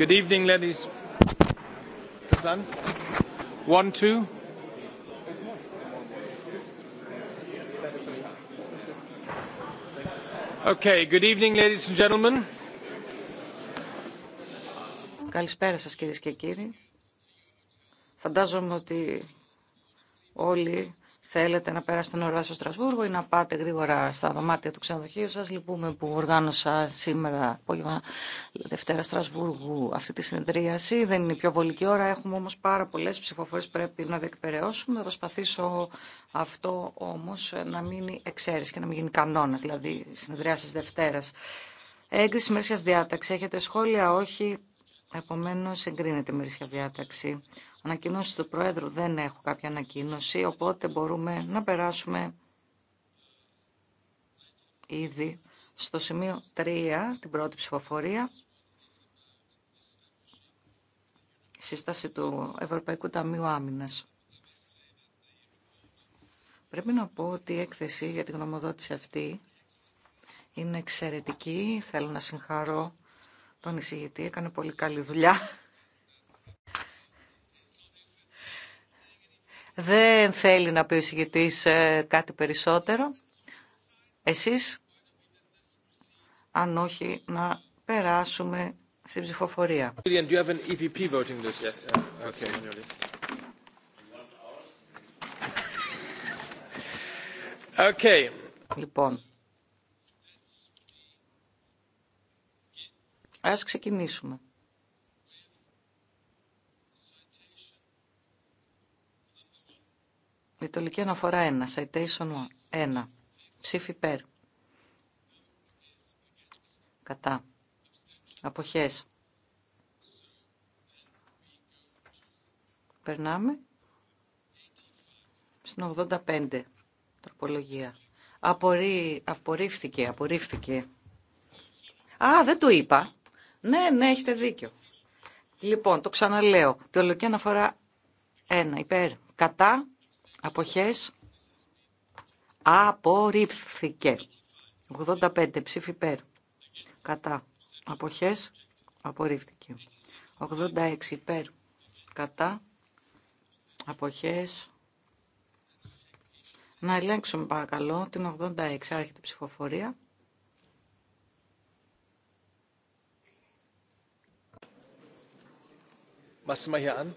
Good evening, ladies. Is One, two. Okay, good evening, ladies and gentlemen. Καλησπέρα σας κυρίες και κύριοι. Φαντάζομαι ότι όλοι θέλετε να περάσετε ώρα στο Στρασβούργο ή να πάτε γρήγορα στα δωμάτια του ξενοδοχείου σας. Λυπούμε που οργάνωσα σήμερα, απόγευμα Δευτέρα Στρασβούργου, αυτή τη συνεδρίαση. Δεν είναι η πιο βολική ώρα, έχουμε όμως πάρα πολλές ψηφοφορίες που πρέπει να διεκπαιρεώσουμε. Θα προσπαθήσω αυτό όμως να μείνει εξαίρεση και να μην γίνει κανόνας, δηλαδή συνεδριάσεις Δευτέρας. Έγκριση μερσιας διάταξη. Έχετε σχόλια, όχι. Επομένως, εγκρίνεται η μερισία διάταξη. Ανακοινώσεις του Πρόεδρου δεν έχω κάποια ανακοίνωση, οπότε μπορούμε να περάσουμε ήδη στο σημείο 3, την πρώτη ψηφοφορία, σύσταση του Ευρωπαϊκού Ταμείου Άμυνας. Πρέπει να πω ότι η έκθεση για την γνωμοδότηση αυτή είναι εξαιρετική. Θέλω να συγχαρώ τον εισηγητή, έκανε πολύ καλή δουλειά. Δεν θέλει να πει ο ε, κάτι περισσότερο. Εσείς, αν όχι, να περάσουμε στην ψηφοφορία. Okay. Λοιπόν, ας ξεκινήσουμε. Λιτολική αναφορά 1. Citation 1. Ψήφι υπέρ. Κατά. Αποχές. Περνάμε στην 85 τροπολογία. Απορρί... Απορρίφθηκε, απορρίφθηκε. Α, δεν το είπα. Ναι, ναι, έχετε δίκιο. Λοιπόν, το ξαναλέω. Τη αναφορά 1. Υπέρ. Κατά. Αποχές. Απορρίφθηκε. 85 ψήφι υπέρ. Κατά. Αποχές. Απορρίφθηκε. 86 υπέρ. Κατά. Αποχές. Να ελέγξουμε παρακαλώ την 86. Άρχεται ψηφοφορία. Machst hier an?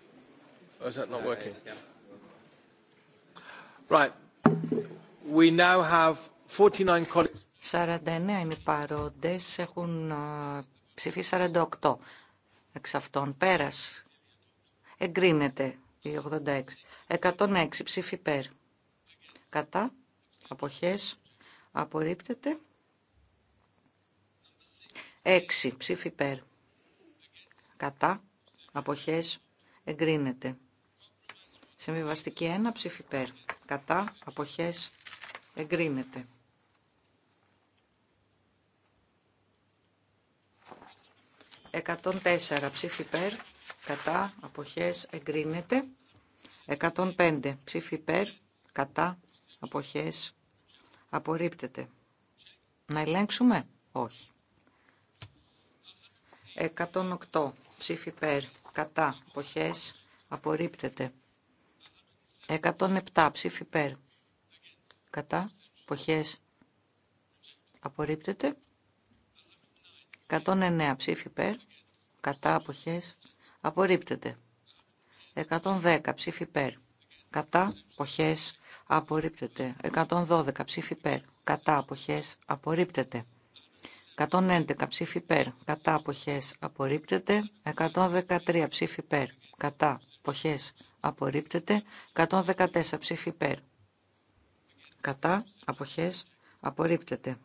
working? 49 είναι παρόντες, έχουν ψηφίσει 48 εξ αυτών. Πέρας. Εγκρίνεται η 86. 106 ψήφι πέρ. Κατά. Αποχές. Απορρίπτεται. 6 ψήφι πέρ. Κατά. Αποχές. Εγκρίνεται. Συμβιβαστική 1 ψήφι πέρ κατά αποχές εγκρίνεται. Εκατόν τέσσερα ψήφι περ κατά αποχές εγκρίνεται. 105 ψήφι κατά αποχές απορρίπτεται. Να ελέγξουμε. Όχι. 108 ψήφι περ κατά αποχές απορρίπτεται. 107 ψήφι υπέρ. Κατά. Αποχές. Απορρίπτεται. 109 ψήφι υπέρ. Κατά. Αποχές. Απορρίπτεται. 110 ψήφι υπέρ. Κατά. Αποχές. Απορρίπτεται. 112 ψήφι υπέρ. Κατά. Αποχές. Απορρίπτεται. 111 ψήφι υπέρ. Κατά. Αποχές. Απορρίπτεται. 113 ψήφι υπέρ. Κατά. Αποχές απορρίπτεται 114 ψήφι υπέρ. Κατά αποχές απορρίπτεται.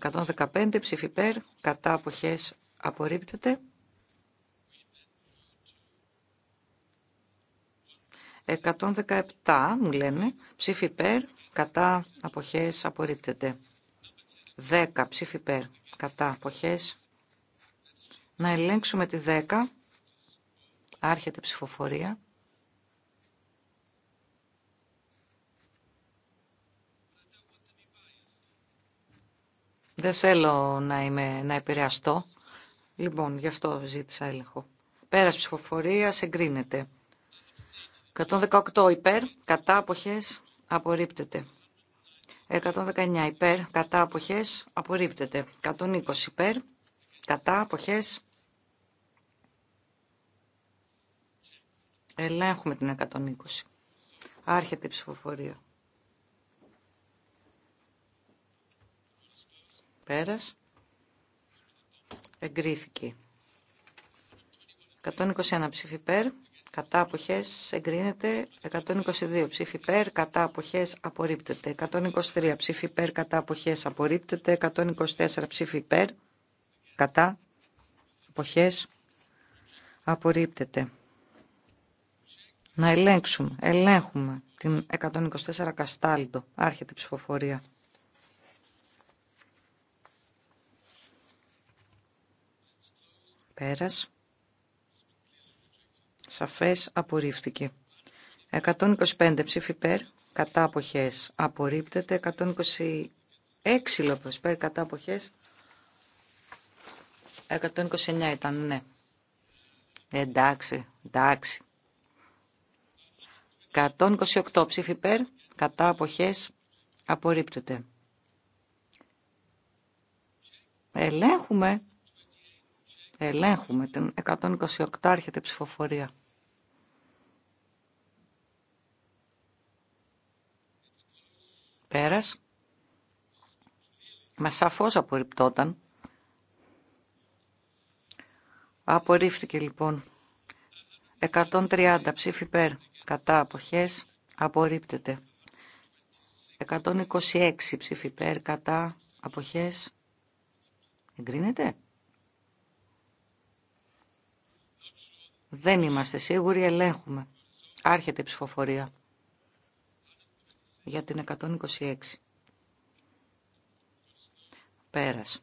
115 ψήφι υπέρ, κατά αποχές απορρίπτεται. 117 μου λένε ψήφι υπέρ, κατά αποχές απορρίπτεται. 10 ψήφι υπέρ, κατά αποχές. Να ελέγξουμε τη 10 Άρχεται ψηφοφορία. Δεν θέλω να, είμαι, να επηρεαστώ. Λοιπόν, γι' αυτό ζήτησα έλεγχο. Πέρας ψηφοφορία εγκρίνεται. 118 υπέρ, κατά αποχές, απορρίπτεται. 119 υπέρ, κατά αποχές, απορρίπτεται. 120 υπέρ, κατά αποχές, Ελέγχουμε την 120. Άρχεται η ψηφοφορία. Πέρας. Εγκρίθηκε. 121 ψήφι περ. κατά αποχές εγκρίνεται 122 ψήφι περ. κατά αποχές απορρίπτεται 123 ψήφι περ. κατά αποχές απορρίπτεται 124 ψήφι περ. κατά αποχές απορρίπτεται. Να ελέγξουμε. Ελέγχουμε την 124 Καστάλτο. Άρχεται η ψηφοφορία. Πέρας. Σαφές απορρίφθηκε. 125 ψήφι περ, κατά αποχές απορρίπτεται. 126 λόπες περ, κατά αποχές. 129 ήταν, ναι. Εντάξει, εντάξει. 128 ψήφι υπέρ, κατά αποχές απορρίπτεται. Ελέγχουμε. Ελέγχουμε την 128 άρχεται ψηφοφορία. Πέρας. Μα σαφώς απορριπτόταν. Απορρίφθηκε λοιπόν. 130 ψήφι υπέρ κατά αποχές απορρίπτεται. 126 ψηφιπέρ κατά αποχές εγκρίνεται. Δεν είμαστε σίγουροι, ελέγχουμε. Άρχεται η ψηφοφορία για την 126. Πέρας.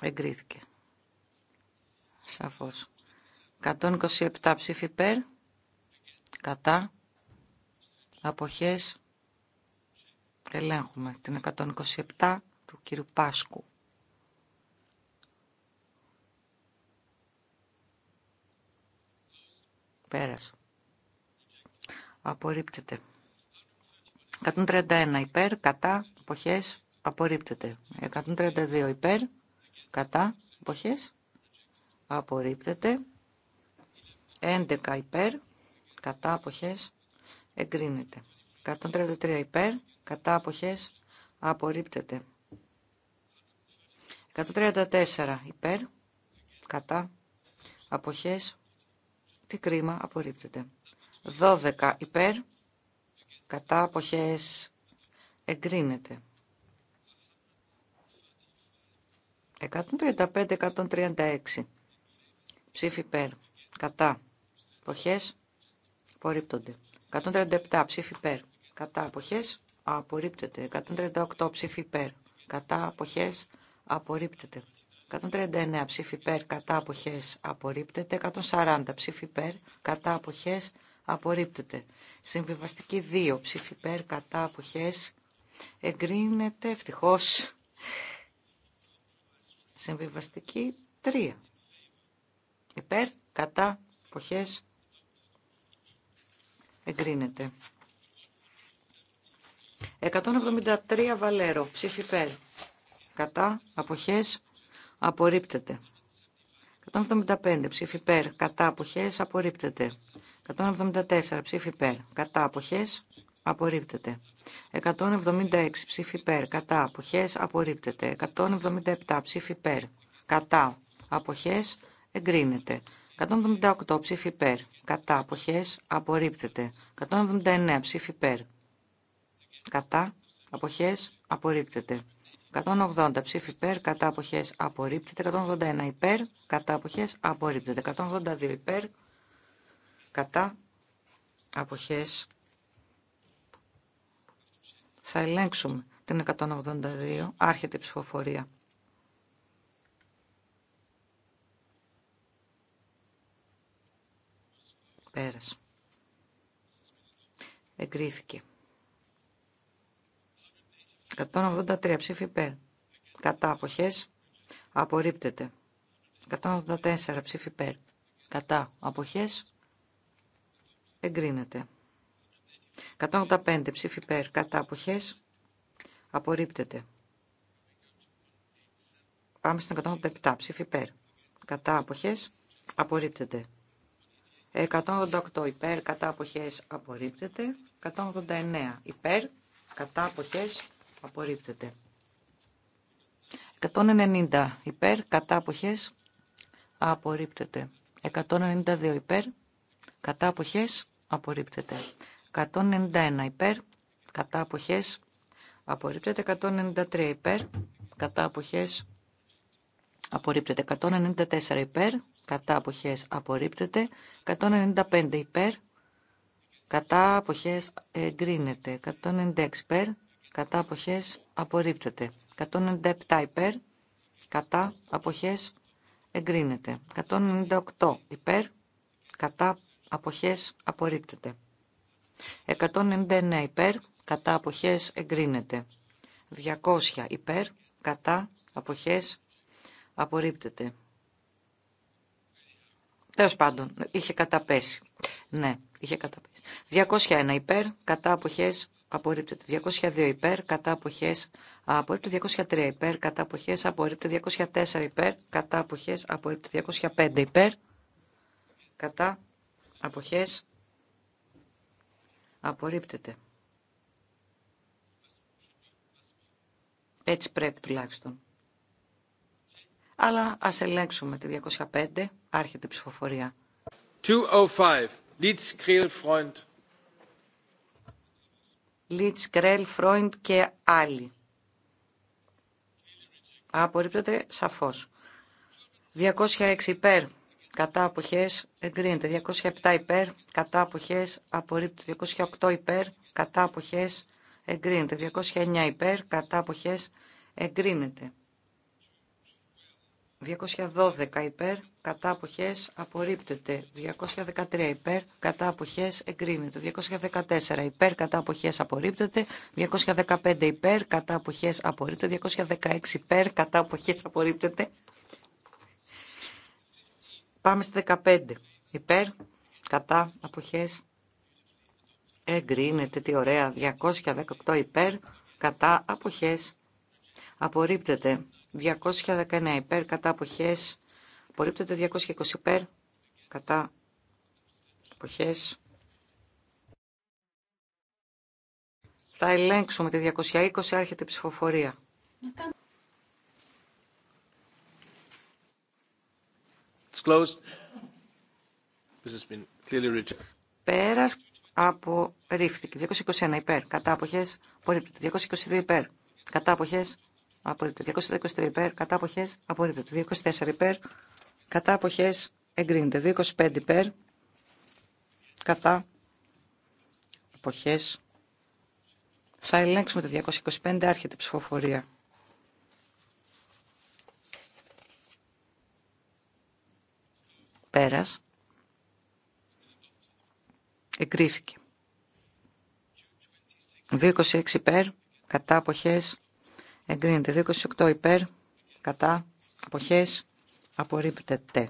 Εγκρίθηκε. Σαφώς. 127 ψήφοι υπέρ, κατά, αποχές, ελέγχουμε την 127 του κύριου Πάσκου. Πέρας. Απορρίπτεται. 131 υπέρ, κατά, αποχές, απορρίπτεται. 132 υπέρ, κατά, αποχές, απορρίπτεται. 11 υπέρ, κατά αποχές, εγκρίνεται. 133 υπέρ, κατά αποχές, απορρίπτεται. 134 υπέρ, κατά αποχές, τι κρίμα, απορρίπτεται. 12 υπέρ, κατά αποχές, εγκρίνεται. 135-136 ψήφι υπέρ, κατά Αποχές. Απορρίπτονται. 137 ψήφι υπέρ. Κατά αποχές. Απορρίπτεται. 138 ψήφι υπέρ. Κατά αποχές. Απορρίπτεται. 139 ψήφι υπέρ. Κατά αποχές. Απορρίπτεται. 140 ψήφι υπέρ. Κατά αποχές. Απορρίπτεται. Συμβιβαστική 2 ψήφι υπέρ. Κατά αποχές. Εγκρίνεται ευτυχώς. Συμβιβαστική 3. Υπέρ, κατά, εποχές, Εγκρίνεται. 173 Βαλέρο. Ψήφι πέρ. Κατά. Αποχές. Απορρίπτεται. 175 ψήφι υπέρ. Κατά. Αποχές. Απορρίπτεται. 174 ψήφι πέρ. Κατά. Αποχές. Απορρίπτεται. 176 ψήφι υπέρ. Κατά. Αποχές. Απορρίπτεται. 177 ψήφι πέρ. Κατά. Αποχές. Εγκρίνεται. 178 ψήφι πέρ. Κατά αποχές απορρίπτεται. 179 ψήφι υπέρ. Κατά αποχές απορρίπτεται. 180 ψήφι υπέρ, κατά αποχές απορρίπτεται. 181 υπέρ, κατά αποχές απορρίπτεται. 182 υπέρ, κατά αποχές θα ελέγξουμε την 182, άρχεται η ψηφοφορία. Πέρας. Εγκρίθηκε. 183 ψήφι υπέρ. Κατά αποχές. Απορρίπτεται. 184 ψήφι υπέρ. Κατά αποχές. Εγκρίνεται. 185 ψήφι υπέρ. Κατά αποχές. Απορρίπτεται. Πάμε στην 187 ψήφι υπέρ. Κατά αποχές. Απορρίπτεται. 188 υπέρ κατά αποχές απορρίπτεται. 189 υπέρ κατά αποχές απορρίπτεται. 190 υπέρ κατά αποχές απορρίπτεται. 192 υπέρ κατά αποχές απορρίπτεται. 191 υπέρ κατά αποχές απορρίπτεται. 193 υπέρ κατά αποχές απορρίπτεται. 194 υπέρ κατά αποχές απορρίπτεται, 195 υπέρ, κατά αποχές εγκρίνεται, 196 υπέρ, κατά αποχές απορρίπτεται, 197 υπέρ, κατά αποχές εγκρίνεται, 198 υπέρ, κατά αποχές απορρίπτεται, 199 υπέρ, κατά αποχές εγκρίνεται, 200 υπέρ, κατά αποχές απορρίπτεται. Τέλο πάντων, είχε καταπέσει. Ναι, είχε καταπέσει. 201 υπέρ, κατά αποχές απορρίπτεται. 202 υπέρ, κατά αποχές απορρίπτεται. 203 υπέρ, κατά αποχές απορρίπτεται. 204 υπέρ, κατά αποχές απορρίπτεται. 205 υπέρ, κατά αποχές απορρίπτεται. Έτσι πρέπει τουλάχιστον αλλά ας ελέγξουμε τη 205, άρχεται η ψηφοφορία. 205, Λίτς Κρέλ Φρόιντ. και άλλοι. Απορρίπτεται σαφώς. 206 υπέρ, κατά αποχές, εγκρίνεται. 207 υπέρ, κατά αποχές, απορρίπτεται. 208 υπέρ, κατά αποχές, εγκρίνεται. 209 υπέρ, κατά αποχές, εγκρίνεται. 212 υπέρ, κατά αποχές απορρίπτεται. 213 υπέρ, κατά αποχές εγκρίνεται. 214 υπέρ, κατά αποχές απορρίπτεται. 215 υπέρ, κατά αποχές απορρίπτεται. 216 υπέρ, κατά αποχές απορρίπτεται. Πάμε στη 15 υπέρ, κατά αποχές εγκρίνεται. Τι ωραία. 218 υπέρ, κατά αποχές απορρίπτεται. 219 υπέρ κατά αποχές απορρίπτεται 220 υπέρ κατά αποχές θα ελέγξουμε τη 220 άρχεται η ψηφοφορία It's closed. This Πέρας απορρίφθηκε. 221 υπέρ. Κατά αποχές. Απορρίπτεται. 222 υπέρ. Κατά αποχές απορρίπτεται. 223 υπέρ, κατά αποχές, απορρίπτεται. 224 υπέρ, κατά αποχές, εγκρίνεται. 225 υπέρ, κατά αποχές. Θα ελέγξουμε το 225, άρχεται ψηφοφορία. Πέρας. Εγκρίθηκε. 226 υπέρ, κατά αποχές, εγκρίνεται. 28 υπέρ, κατά, αποχές, απορρίπτεται.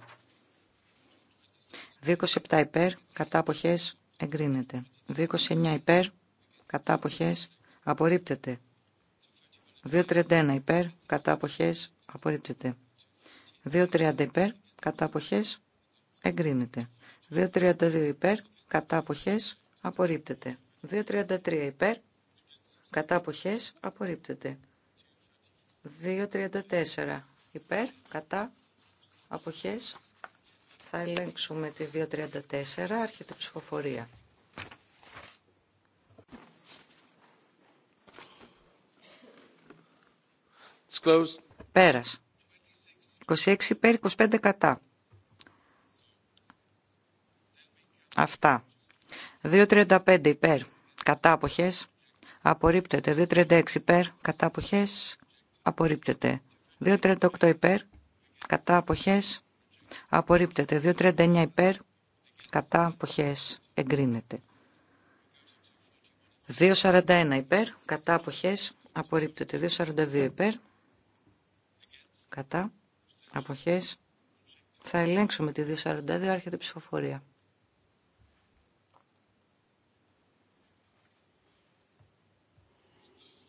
27 υπέρ, κατά αποχές, εγκρίνεται. 29 υπέρ, κατά αποχές, απορρίπτεται. 231 υπέρ, κατά αποχές, απορρίπτεται. 230 υπέρ, κατά αποχές, εγκρίνεται. 232 υπέρ, κατά αποχές, απορρίπτεται. 233 υπέρ, κατά αποχές, απορρίπτεται. 2.34 υπέρ, κατά, αποχές. Θα ελέγξουμε τη 2.34, άρχεται ψηφοφορία. Πέρας. 26 υπέρ, 25 κατά. Αυτά. 2.35 υπέρ, κατά αποχές. Απορρίπτεται. 2.36 υπέρ, κατά αποχές απορρίπτεται. 2.38 υπέρ, κατά αποχές, απορρίπτεται. 2.39 υπέρ, κατά αποχές, εγκρίνεται. 2.41 υπέρ, κατά αποχές, απορρίπτεται. 2.42 υπέρ, κατά αποχές, θα ελέγξουμε τη 2.42, άρχεται ψηφοφορία.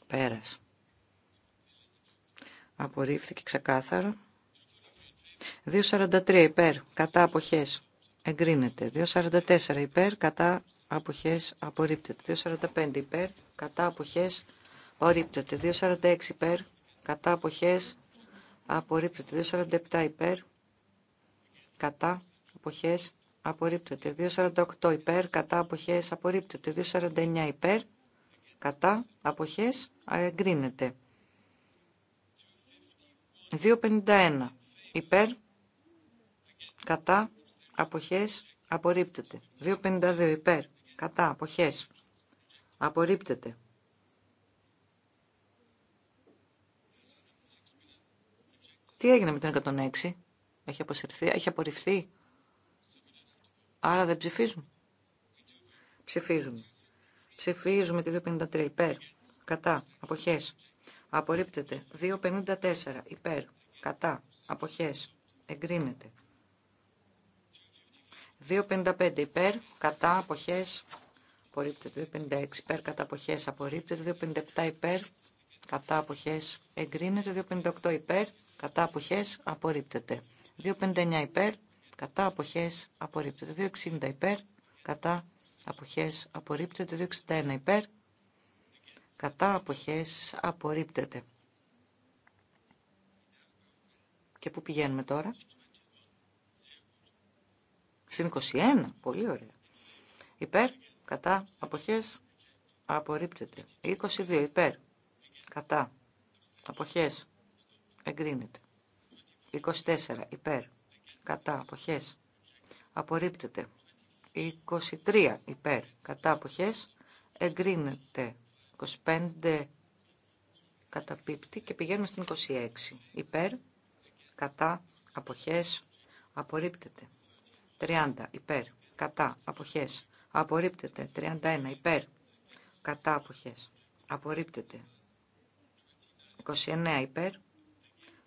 Πέρασε. Απορρίφθηκε ξεκάθαρα. 2.43 υπέρ, κατά αποχές, εγκρίνεται. 2.44 υπέρ, κατά αποχές, απορρίπτεται. 2.45 υπέρ, κατά αποχές, απορρίπτεται. 2.46 υπέρ, κατά αποχές, απορρίπτεται. 2.47 υπέρ, κατά αποχές, απορρίπτεται. 2.48 υπέρ, κατά αποχές, απορρίπτεται. 2.49 υπέρ, κατά αποχές, εγκρίνεται. 2.51 υπέρ κατά αποχές απορρίπτεται. 2.52 υπέρ κατά αποχές απορρίπτεται. Τι έγινε με την 106, έχει αποσυρθεί, έχει απορριφθεί, άρα δεν ψηφίζουν. Ψηφίζουμε. Ψηφίζουμε τη 253 υπέρ, κατά, αποχές, Απορρίπτεται. 2.54. Υπέρ. Κατά. Αποχές. Εγκρίνεται. 2.55. Υπέρ. Κατά. Αποχές. Απορρίπτεται. 2.56. Υπέρ. Κατά. Αποχές. Απορρίπτεται. 2.57. Υπέρ. Κατά. Αποχές. Εγκρίνεται. 2.58. Υπέρ. Κατά. Αποχές. Απορρίπτεται. 2.59. Υπέρ. Κατά. Αποχές. Απορρίπτεται. 2.60. Υπέρ. Κατά. Αποχές. Απορρίπτεται. 2.61. Υπέρ κατά αποχές απορρίπτεται. Και πού πηγαίνουμε τώρα. Στην 21, πολύ ωραία. Υπέρ, κατά, αποχές, απορρίπτεται. 22, υπέρ, κατά, αποχές, εγκρίνεται. 24, υπέρ, κατά, αποχές, απορρίπτεται. 23, υπέρ, κατά, αποχές, εγκρίνεται. 25 καταπίπτει και πηγαίνουμε στην 26. Υπέρ, κατά, αποχές, απορρίπτεται. 30 υπέρ, κατά, αποχές, απορρίπτεται. 31 υπέρ, κατά, αποχές, απορρίπτεται. 29 υπέρ,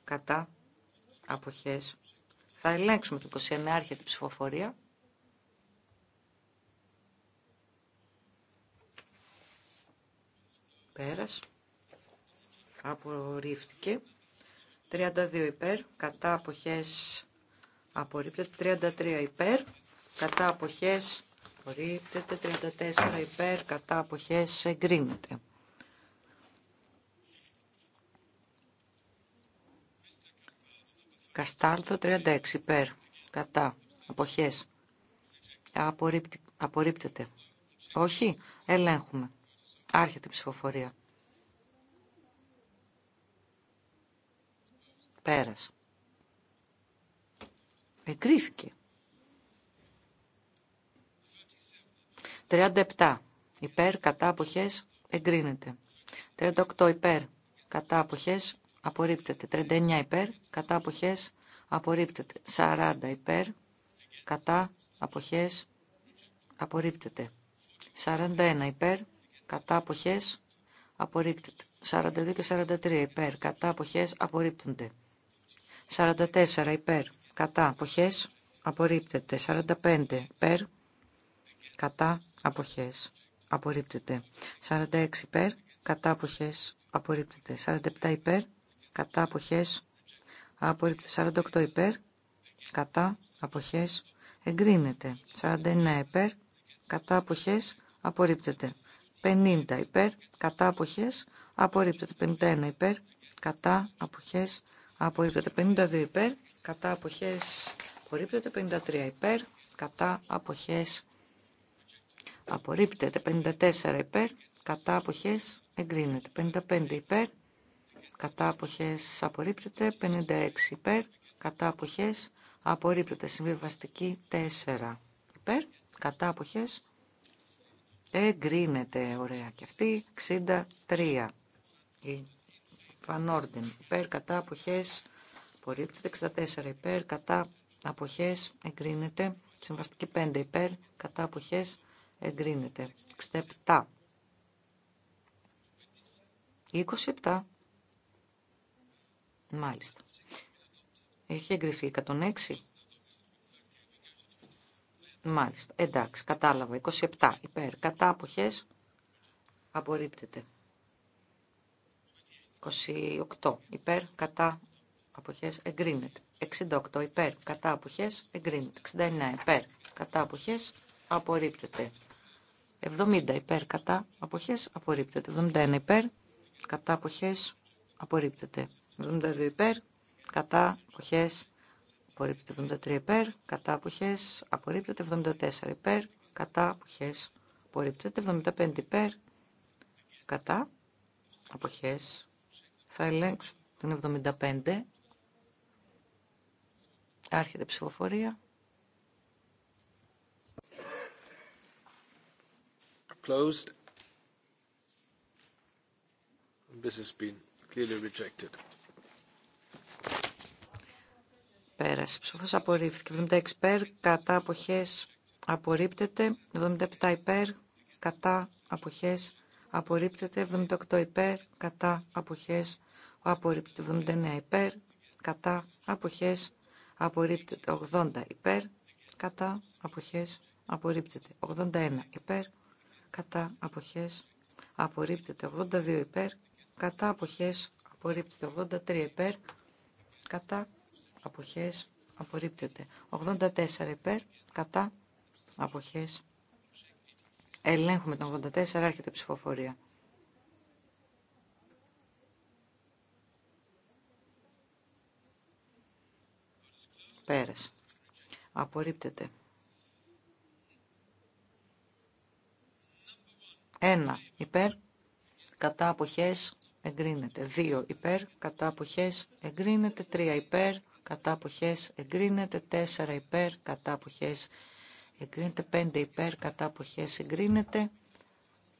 κατά, αποχές. Θα ελέγξουμε το 29 άρχεται ψηφοφορία. Πέρας. Απορρίφθηκε. 32 υπέρ. Κατά αποχές απορρίπτεται. 33 υπέρ. Κατά αποχές απορρίπτεται. 34 υπέρ. Κατά αποχές εγκρίνεται. Καστάλθο, 36 υπέρ. Κατά. Αποχές. Απορρίπτεται. Όχι. Ελέγχουμε. Άρχεται η ψηφοφορία. Πέρας. Εκρίθηκε. 37. Υπέρ, κατά, αποχές, εγκρίνεται. 38. Υπέρ, κατά, αποχές, απορρίπτεται. 39. Υπέρ, κατά, αποχές, απορρίπτεται. 40. Υπέρ, κατά, αποχές, απορρίπτεται. 41. Υπέρ, κατά αποχές απορρίπτεται. 42 και 43 υπέρ, κατά αποχές απορρίπτονται. 44 υπέρ, κατά αποχές απορρίπτεται. 45 υπέρ, κατά αποχές απορρίπτεται. 46 υπέρ, κατά αποχές απορρίπτεται. 47 υπέρ, κατά αποχές απορρίπτεται. 48 υπέρ, κατά αποχές εγκρίνεται. 49 υπέρ, κατά αποχές απορρίπτεται. 50 υπέρ, κατά αποχές, απορρίπτεται 51 υπέρ, κατά αποχές, απορρίπτεται 52 υπέρ, κατά αποχές, απορρίπτεται 53 υπέρ, κατά αποχές, απορρίπτεται 54 υπέρ, κατά αποχές, εγκρίνεται 55 υπέρ, κατά αποχές, απορρίπτεται 56 υπέρ, κατά αποχές, απορρίπτεται συμβιβαστική 4 υπέρ, κατά αποχές, Εγκρίνεται ωραία και αυτή. 63. Η Φανόρντιν. Υπέρ κατά αποχές. Απορρίπτεται. 64. Υπέρ κατά αποχές. Εγκρίνεται. Συμβαστική 5. Υπέρ κατά αποχές. Εγκρίνεται. 67. 27. Μάλιστα. Έχει εγκριθεί 106 Μάλιστα. Εντάξει, κατάλαβα. 27 υπέρ. Κατά αποχές απορρίπτεται. 28 υπέρ. Κατά αποχές εγκρίνεται. 68 υπέρ. Κατά αποχές εγκρίνεται. 69 υπέρ. Κατά αποχές απορρίπτεται. 70 υπέρ. Κατά αποχές απορρίπτεται. 71 υπέρ. Κατά αποχές απορρίπτεται. 72 υπέρ. Κατά αποχές απορρίπτεται 73 υπέρ, κατά αποχές απορρίπτεται 74 υπέρ, κατά αποχές απορρίπτεται 75 υπέρ, κατά αποχές θα ελέγξω την 75 άρχεται ψηφοφορία Closed. This has been clearly rejected. Πέρασε. Ψήφο απορρίφθηκε. 76 υπέρ. Κατά αποχές απορρίπτεται. 77 υπέρ. Κατά αποχές απορρίπτεται. 78 υπέρ. Κατά αποχές απορρίπτεται. 79 υπέρ. Κατά απόχέ, απορρίπτεται. 80 υπέρ. Κατά αποχές απορρίπτεται. 81 υπέρ. Κατά απόχέ. απορρίπτεται. 82 υπέρ. Κατά αποχές απορρίπτεται. 83 υπέρ. Κατά αποχές απορρίπτεται. 84 υπέρ, κατά, αποχές. Ελέγχουμε τον 84, έρχεται ψηφοφορία. Πέρες. Απορρίπτεται. 1 υπέρ, κατά αποχές εγκρίνεται. 2 υπέρ, κατά αποχές εγκρίνεται. 3 υπέρ, κατά αποχές εγκρίνεται, 4 υπέρ κατά αποχές εγκρίνεται, 5 υπέρ κατά αποχές εγκρίνεται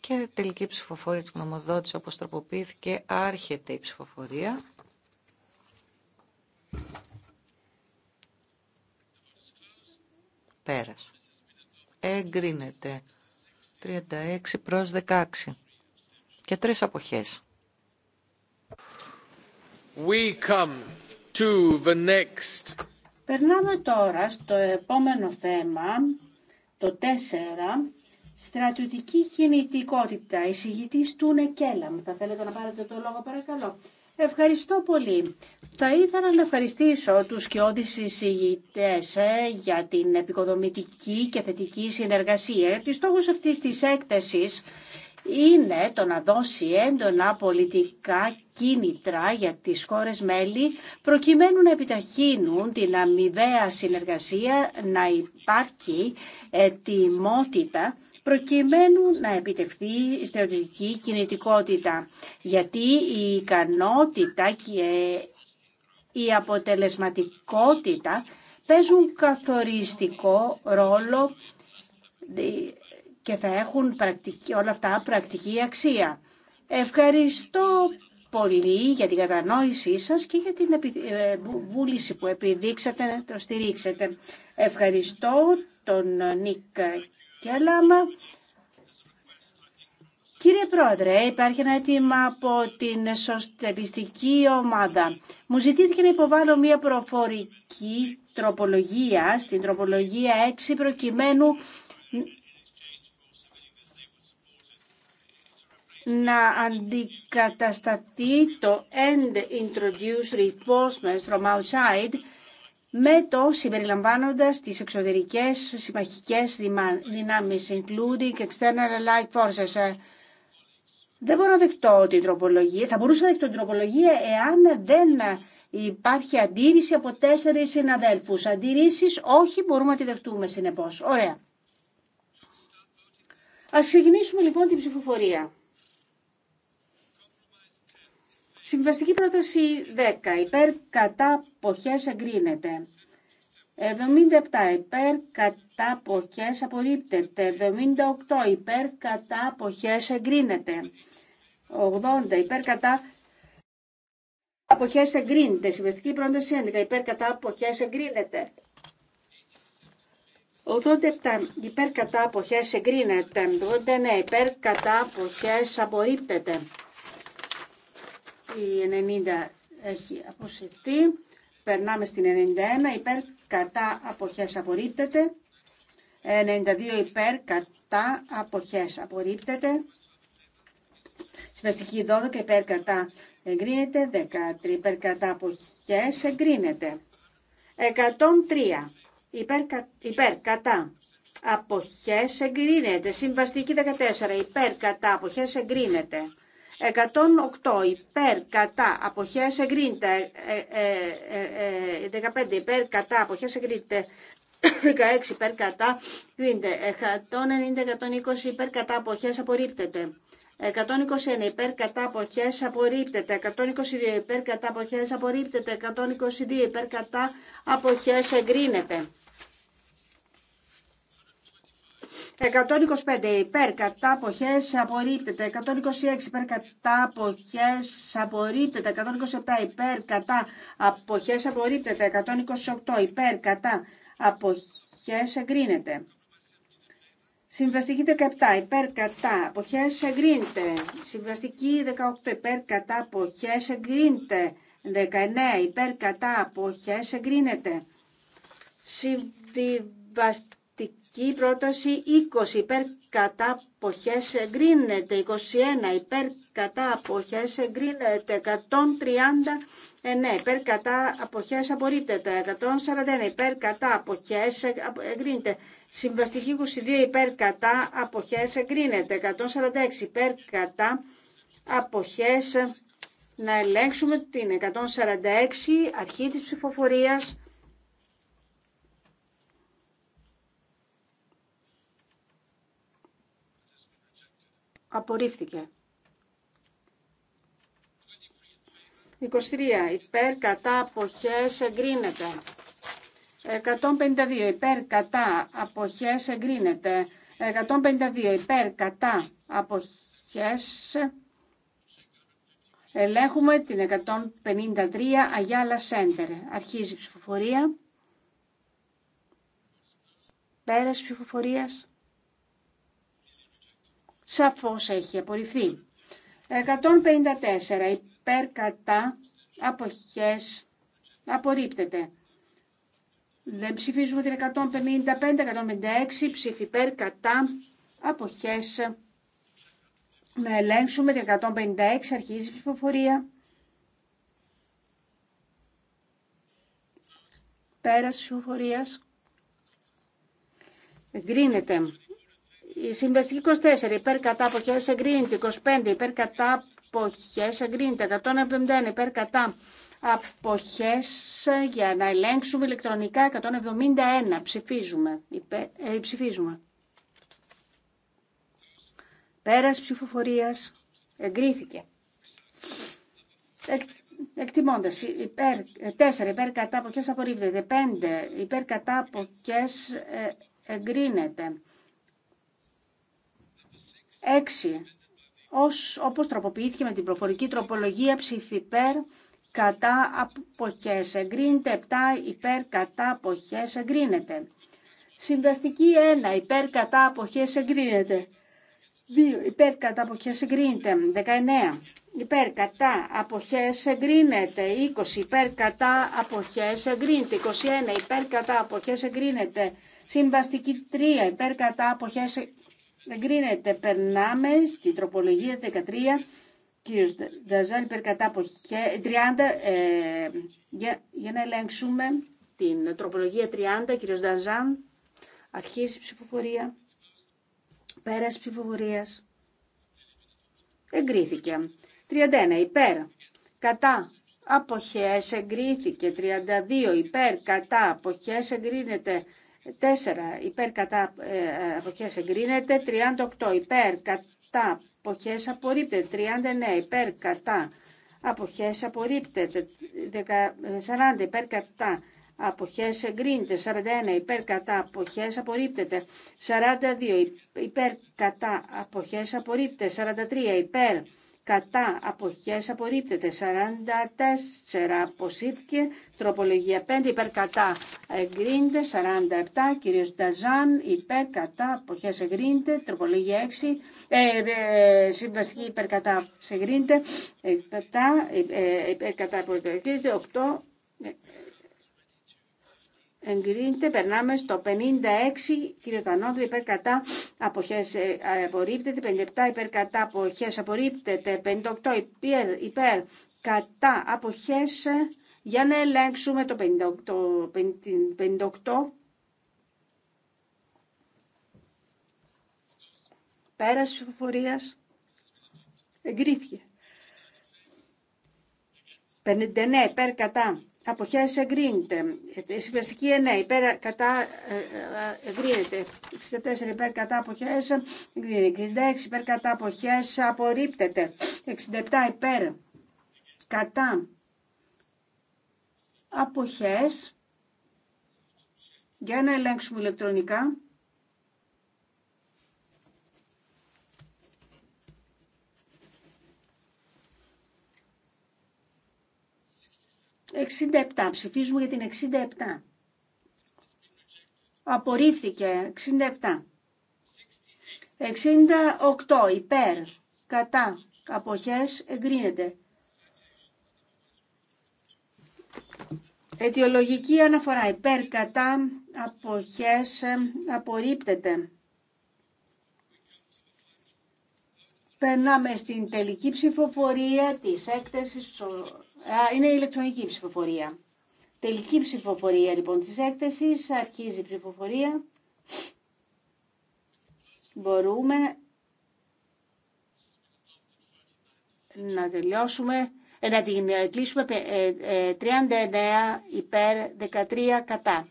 και τελική ψηφοφορία της γνωμοδότησης όπως τροποποιήθηκε άρχεται η ψηφοφορία. Πέρας. Εγκρίνεται. 36 προς 16 και τρεις αποχές. We come Περνάμε τώρα στο επόμενο θέμα, το 4, στρατιωτική κινητικότητα, εισηγητής του Νεκέλαμ. Θα θέλετε να πάρετε το λόγο παρακαλώ. Ευχαριστώ πολύ. Θα ήθελα να ευχαριστήσω τους κοιόδης εισηγητές ε, για την επικοδομητική και θετική συνεργασία. στόχος αυτή της έκθεσης είναι το να δώσει έντονα πολιτικά κίνητρα για τις χώρες μέλη προκειμένου να επιταχύνουν την αμοιβαία συνεργασία, να υπάρχει ετοιμότητα προκειμένου να επιτευχθεί η στρατηγική κινητικότητα. Γιατί η ικανότητα και η αποτελεσματικότητα παίζουν καθοριστικό ρόλο και θα έχουν πρακτική, όλα αυτά πρακτική αξία. Ευχαριστώ πολύ για την κατανόησή σας και για την ε, βούληση που επιδείξατε να το στηρίξετε. Ευχαριστώ τον Νίκ Κέλαμα. Κύριε Πρόεδρε, υπάρχει ένα αίτημα από την σοσιαλιστική ομάδα. Μου ζητήθηκε να υποβάλω μια προφορική τροπολογία στην τροπολογία 6 προκειμένου να αντικατασταθεί το end introduced reinforcements from outside με το συμπεριλαμβάνοντας τις εξωτερικές συμμαχικές δυνάμεις, including external allied forces. Ε, δεν μπορώ να δεχτώ την τροπολογία. Θα μπορούσα να δεχτώ την τροπολογία εάν δεν υπάρχει αντίρρηση από τέσσερις συναδέλφους. Αντιρρήσεις όχι μπορούμε να τη δεχτούμε συνεπώς. Ωραία. Ας ξεκινήσουμε λοιπόν την ψηφοφορία. Συμβαστική πρόταση 10. Υπέρ κατά ποχές εγκρίνεται. 77. Υπέρ κατά ποχές απορρίπτεται. 78. Υπέρ κατά ποχές εγκρίνεται. 80. Υπέρ κατά αποχές εγκρίνεται. Συμβαστική πρόταση 11. Υπέρ κατά ποχές εγκρίνεται. 87 υπέρ κατά ποχές εγκρίνεται, 89 υπέρ κατά ποχές απορρίπτεται. Η 90 έχει αποσυρθεί. Περνάμε στην 91 υπέρ κατά αποχές απορρίπτεται. 92 υπέρ κατά αποχές απορρίπτεται. Συμβαστική 12 υπέρ κατά εγκρίνεται. 13 υπέρ κατά αποχές εγκρίνεται. 103 υπέρ, κα, υπέρ κατά αποχές εγκρίνεται. Συμβαστική 14 υπέρ κατά αποχές εγκρίνεται. 108 υπέρ κατά αποχές εγκρίνεται. 15 ε, ε, ε, υπέρ κατά αποχές εγκρίνεται. 16 υπέρ εγκρίνεται. 190-120 υπέρ κατά αποχές απορρίπτεται. 121 υπέρ κατά αποχές απορρίπτεται, 122 υπέρ κατά αποχές απορρίπτεται, 122 υπέρ κατά αποχές εγκρίνεται. 125 υπέρ κατά αποχές απορρίπτεται. 126 υπέρ κατά αποχές απορρίπτεται. 127 υπέρ κατά αποχές απορρίπτεται. 128 υπέρ κατά αποχές εγκρίνεται. Συμβαστική 17 υπέρ κατά αποχές εγκρίνεται. Συμβαστική 18 υπέρ κατά αποχές εγκρίνεται. 19 υπέρ κατά αποχές εγκρίνεται. Συμβιβαστική η πρόταση 20 υπέρ κατά ποχές εγκρίνεται, 21 υπέρ κατά αποχές εγκρίνεται, 139 υπέρ κατά αποχές απορρίπτεται, 141 υπέρ κατά αποχές εγκρίνεται, συμβαστική 22 υπέρ κατά αποχές εγκρίνεται, 146 υπέρ κατά αποχές να ελέγξουμε την 146 αρχή της ψηφοφορίας Απορρίφθηκε. 23. Υπέρ κατά αποχές εγκρίνεται. 152. Υπέρ κατά αποχές εγκρίνεται. 152. Υπέρ κατά αποχές Ελέγχουμε την 153 Αγιάλα σέντερ Αρχίζει η ψηφοφορία. Πέρας ψηφοφορίας σαφώς έχει απορριφθεί. 154 υπέρ κατά αποχές απορρίπτεται. Δεν ψηφίζουμε την 155-156 ψήφι υπέρ κατά αποχές. Να ελέγξουμε την 156 αρχίζει η ψηφοφορία. Πέρας ψηφοφορίας. Εγκρίνεται. Η συμβαστική 24 υπέρ κατά αποχές εγκρίνεται. 25 υπέρ κατά αποχές εγκρίνεται. 171 υπέρ κατά αποχές για να ελέγξουμε ηλεκτρονικά 171. Ψηφίζουμε. υπέ, ε, ψηφίζουμε. Πέρας ψηφοφορίας εγκρίθηκε. Εκτιμώντα, υπέρ, 4 ε, υπέρ κατά αποχές απορρίπτεται, 5 υπέρ κατά αποχές ε, εγκρίνεται. 6. Ως, όπως τροποποιήθηκε με την προφορική τροπολογία ψήφι υπέρ κατά αποχές εγκρίνεται, 7 υπέρ κατά αποχές εγκρίνεται. Συμβαστική 1 υπέρ κατά αποχές εγκρίνεται. 2 υπέρ κατά αποχές εγκρίνεται. 19 υπέρ κατά αποχές εγκρίνεται. 20 υπέρ κατά αποχές εγκρίνεται. 21 υπέρ κατά αποχές εγκρίνεται. Συμβαστική 3 υπέρ κατά αποχές Εγκρίνεται. Περνάμε στην τροπολογία 13. κύριο Νταζάν υπερκατάποχη. 30 ε, για, για, να ελέγξουμε την τροπολογία 30. κύριο Νταζάν αρχίζει η ψηφοφορία. Πέρας ψηφοφορίας. Εγκρίθηκε. 31 υπέρ. Κατά. Αποχές εγκρίθηκε. 32 υπέρ. Κατά. Αποχές εγκρίνεται. 4 ε, ε, υπέρ κατά αποχές εγκρίνεται, 38 υπέρ κατά αποχές απορρίπτεται, 39 υπέρ κατά αποχές απορρίπτεται, 40 υπέρ κατά αποχές εγκρίνεται, 41 υπέρ κατά αποχές απορρίπτεται, 42 υπέρ κατά αποχές απορρίπτεται, 43 υπέρ κατά αποχές απορρίπτεται 44 αποσύρθηκε τροπολογία 5 υπέρ κατά εγκρίνεται 47 κύριος Νταζάν υπέρ κατά αποχές εγκρίνεται τροπολογία 6 ε, ε, συμβαστική υπέρ κατά εγκρίνεται 7 ε, ε, υπέρ κατά 8 εγκρίνεται. Περνάμε στο 56, κύριο Τανόδου, υπέρ κατά αποχές απορρίπτεται. 57 υπέρ κατά αποχές απορρίπτεται. 58 υπέρ, υπέρ κατά αποχές. Για να ελέγξουμε το 58. 58. Πέρας ψηφοφορίας εγκρίθηκε. 59 υπέρ κατά Αποχές εγκρίνεται. Ε, συμπεριστική 9 υπέρ κατά ε, ε, εγκρίνεται. 64 υπέρ κατά αποχές εγκρίνεται. 66 υπέρ κατά αποχές απορρίπτεται. 67 υπέρ κατά αποχές. Για να ελέγξουμε ηλεκτρονικά. 67. Ψηφίζουμε για την 67. Απορρίφθηκε. 67. 68. Υπέρ. Κατά. Αποχές. Εγκρίνεται. Αιτιολογική αναφορά. Υπέρ. Κατά. Αποχές. Απορρίπτεται. Περνάμε στην τελική ψηφοφορία της έκθεσης ε, είναι η ηλεκτρονική ψηφοφορία. Τελική ψηφοφορία λοιπόν της έκθεσης, αρχίζει η ψηφοφορία. Μπορούμε να τελειώσουμε, ε, να την ε, κλείσουμε 39 υπέρ 13 κατά.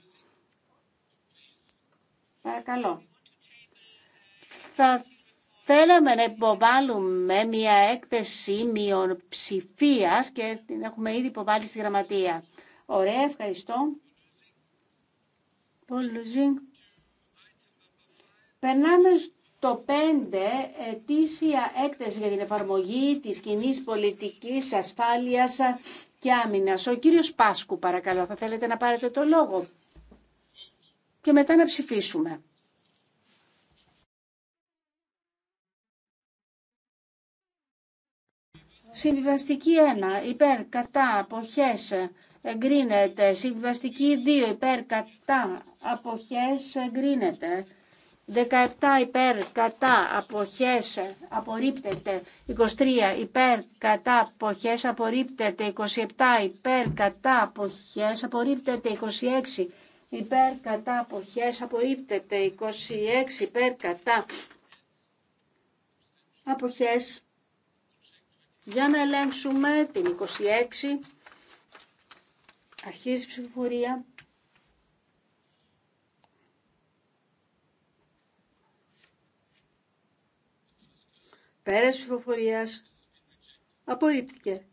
Παρακαλώ. Θα Θέλαμε να υποβάλουμε μια έκθεση μειοψηφία και την έχουμε ήδη υποβάλει στη γραμματεία. Ωραία, ευχαριστώ. Περνάμε στο 5, ετήσια έκθεση για την εφαρμογή της κοινή πολιτικής ασφάλειας και άμυνας. Ο κύριος Πάσκου, παρακαλώ, θα θέλετε να πάρετε το λόγο και μετά να ψηφίσουμε. Συμβιβαστική 1. Υπέρ, κατά, αποχές, εγκρίνεται. Συμβιβαστική 2. Υπέρ, κατά, αποχές, εγκρίνεται. 17 υπέρ κατά αποχές απορρίπτεται 23 υπέρ κατά αποχές απορρίπτεται 27 υπέρ κατά αποχές απορρίπτεται 26 υπέρ κατά αποχές απορρίπτεται 26 υπέρ κατά αποχές για να ελέγξουμε την 26. Αρχίζει η ψηφοφορία. Πέρας ψηφοφορίας. Απορρίπτηκε.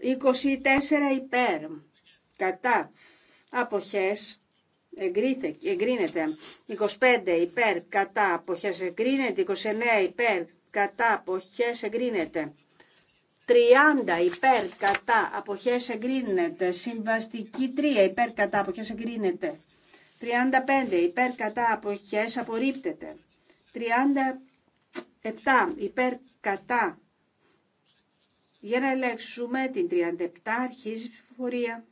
24 υπέρ. Κατά. Αποχές εγκρίνεται 25 υπέρ κατά αποχές εγκρίνεται 29 υπέρ κατά αποχές εγκρίνεται 30 υπέρ κατά αποχές εγκρίνεται συμβαστική 3 υπέρ κατά αποχές εγκρίνεται 35 υπέρ κατά αποχές απορρίπτεται 37 υπέρ κατά για να ελέγξουμε την 37 αρχίζει ψηφοφορία.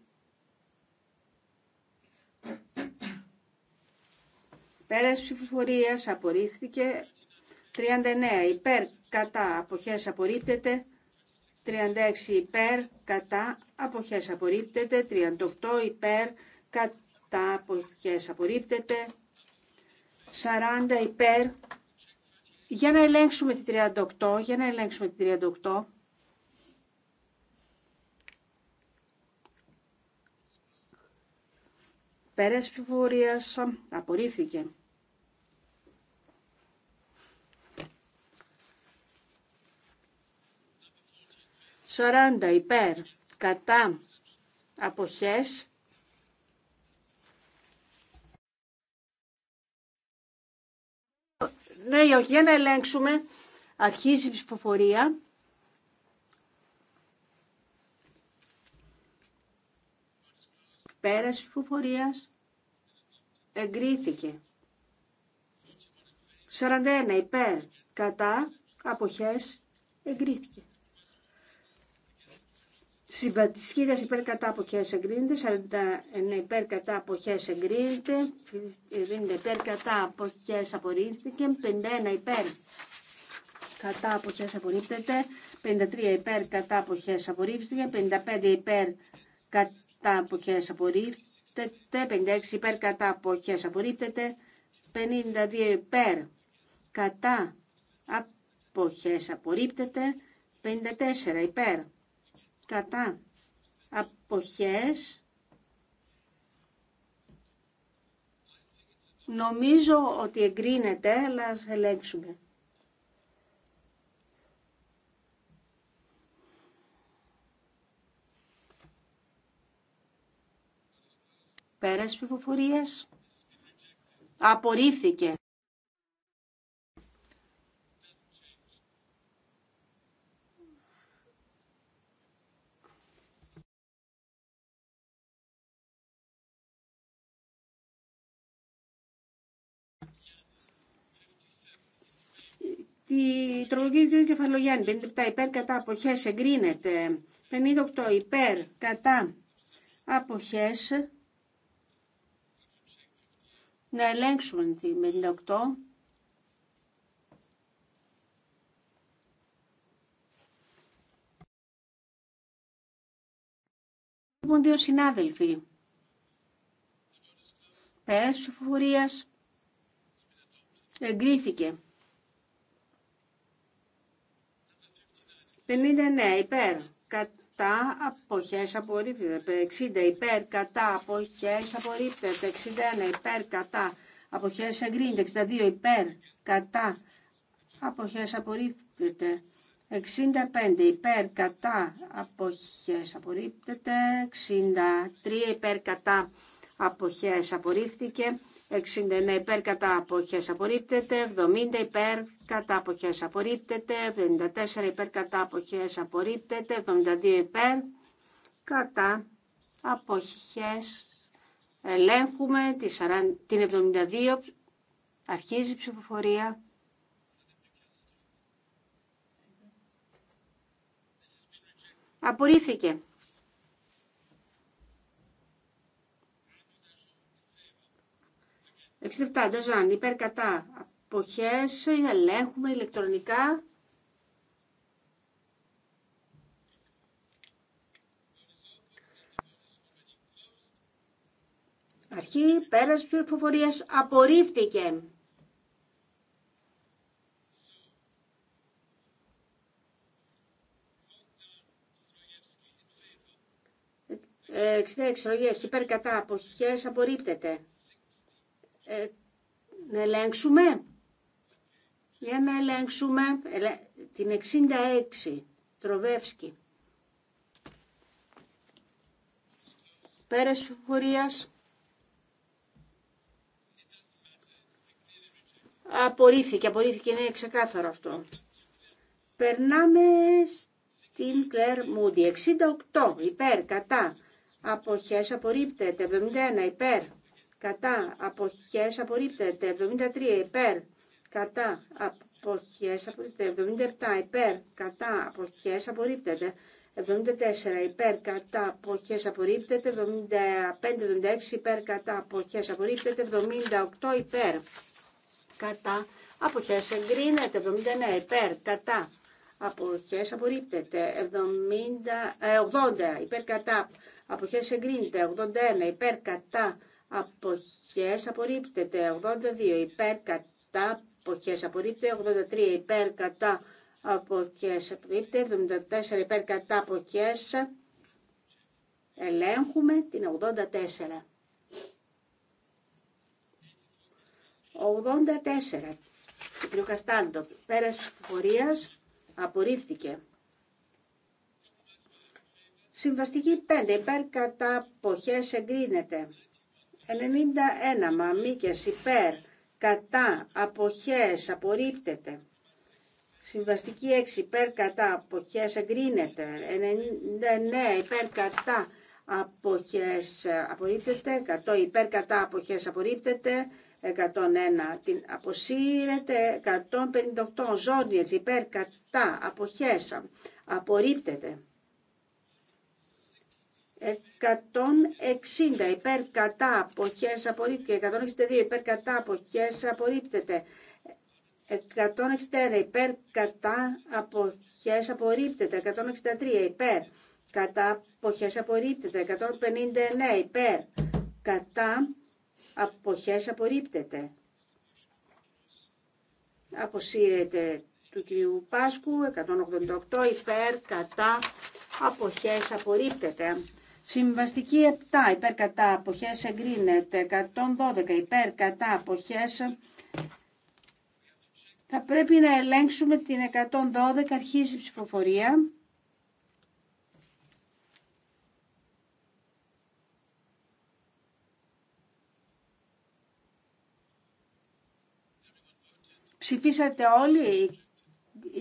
Πέρας ψηφοφορίας απορρίφθηκε 39 υπέρ κατά αποχές απορρίπτεται 36 υπέρ κατά αποχές απορρίπτεται 38 υπέρ κατά αποχές απορρίπτεται 40 υπέρ για να ελέγξουμε τη 38 για να ελέγξουμε τη 38 Πέρας ψηφοφορίας απορρίφθηκε. Σαράντα υπέρ κατά αποχές Ναι, για να ελέγξουμε. Αρχίζει η ψηφοφορία. Πέρας ψηφοφορίας εγκρίθηκε. 41 υπέρ κατά αποχές εγκρίθηκε. Συμπατησχίδες υπέρ κατά αποχές εγκρίνεται, 49 υπέρ κατά αποχές εγκρίνεται, 50 υπέρ κατά αποχές απορρίφθηκε, 51 υπέρ κατά αποχές απορρίπτεται, 53 υπέρ κατά αποχές απορρίφθηκε, 55 υπέρ κατά αποχές απορρίφθηκε, 56 υπέρ κατά αποχές απορρίπτεται. 52 υπέρ κατά αποχές απορρίπτεται. 54 υπέρ κατά αποχές Νομίζω ότι εγκρίνεται, αλλά ας ελέγξουμε. Πέρας ψηφοφορίας. Απορρίφθηκε. Τη τρολογία του Κεφαλογιάννη, 57 υπέρ κατά αποχές εγκρίνεται, 58 υπέρ κατά αποχές να ελέγξουμε με την 8. Υπάρχουν δύο συνάδελφοι. Πέρας ψηφοφορία εγκρίθηκε. 59 υπέρ, κα, κατά αποχές απορρίπτεται. 60 υπέρ κατά αποχές απορρίπτεται. 61 υπέρ κατά αποχές εγκρίνεται. 62 υπέρ κατά αποχές απορρίπτεται. 65 υπέρ κατά αποχές απορρίπτεται. 63 υπέρ κατά αποχές απορρίφθηκε. 69 υπέρ κατά αποχές απορρίπτεται. 70 υπέρ κατά αποχές απορρίπτεται, 74 υπέρ κατά αποχές απορρίπτεται, 72 υπέρ κατά αποχές ελέγχουμε την 72 αρχίζει η ψηφοφορία απορρίφθηκε Εξεπτά, αν υπέρ κατά εποχές ε, ελέγχουμε ηλεκτρονικά. Αρχή πέρας πληροφορίας απορρίφθηκε. Ε, 66 ρογεύση υπέρ κατά αποχές απορρίπτεται. Ε, να ελέγξουμε. Για να ελέγξουμε την 66, Τροβεύσκη. Πέρας φορείας. Απορρίφθηκε, απορρίφθηκε, είναι ξεκάθαρο αυτό. Περνάμε στην Κλέρ Μούντι. 68 υπέρ, κατά, αποχές απορρίπτεται. 71 υπέρ, κατά, αποχές απορρίπτεται. 73 υπέρ, κατά αποχές απορρίπτεται. 77 υπέρ κατά αποχές απορρίπτεται. 74 υπέρ κατά αποχές απορρίπτεται. 75-76 υπέρ κατά αποχές απορρίπτεται. 78 υπέρ κατά αποχές εγκρίνεται. 79 υπέρ κατά αποχές απορρίπτεται. 70, 80 ε, υπέρ κατά αποχές εγκρίνεται. 81 υπέρ κατά αποχές απορρίπτεται. 82 υπέρ κατά Ποχές απορρίπτει, 83 υπέρ κατά αποχές απορρίπτει, 74 υπέρ κατά αποχές. Ελέγχουμε την 84. 84. η κ. πέρας απορρίφθηκε. Συμβαστική 5. Υπέρ κατά αποχές εγκρίνεται. 91. Μαμίκες υπέρ κατά αποχές απορρίπτεται. Συμβαστική 6 υπέρ κατά αποχές εγκρίνεται. 99 υπέρ κατά αποχές απορρίπτεται. 100 υπέρ κατά αποχές απορρίπτεται. 101 την αποσύρεται. 158 ζώνιες υπέρ κατά αποχές απορρίπτεται. 160 υπέρ κατά αποχές απορρίπτεται. 162 υπέρ κατά αποχές απορρίπτεται. 161 υπέρ κατά αποχές απορρίπτεται. 163 υπέρ κατά αποχές απορρίπτεται. 159 υπέρ κατά αποχές απορρίπτεται. Αποσύρεται του κυρίου Πάσκου, 188 υπέρ κατά αποχές απορρίπτεται. Συμβαστική 7 υπέρ κατά αποχές εγκρίνεται. 112 υπέρ κατά αποχές. Θα πρέπει να ελέγξουμε την 112 αρχίζει η ψηφοφορία. Ψηφίσατε όλοι, 25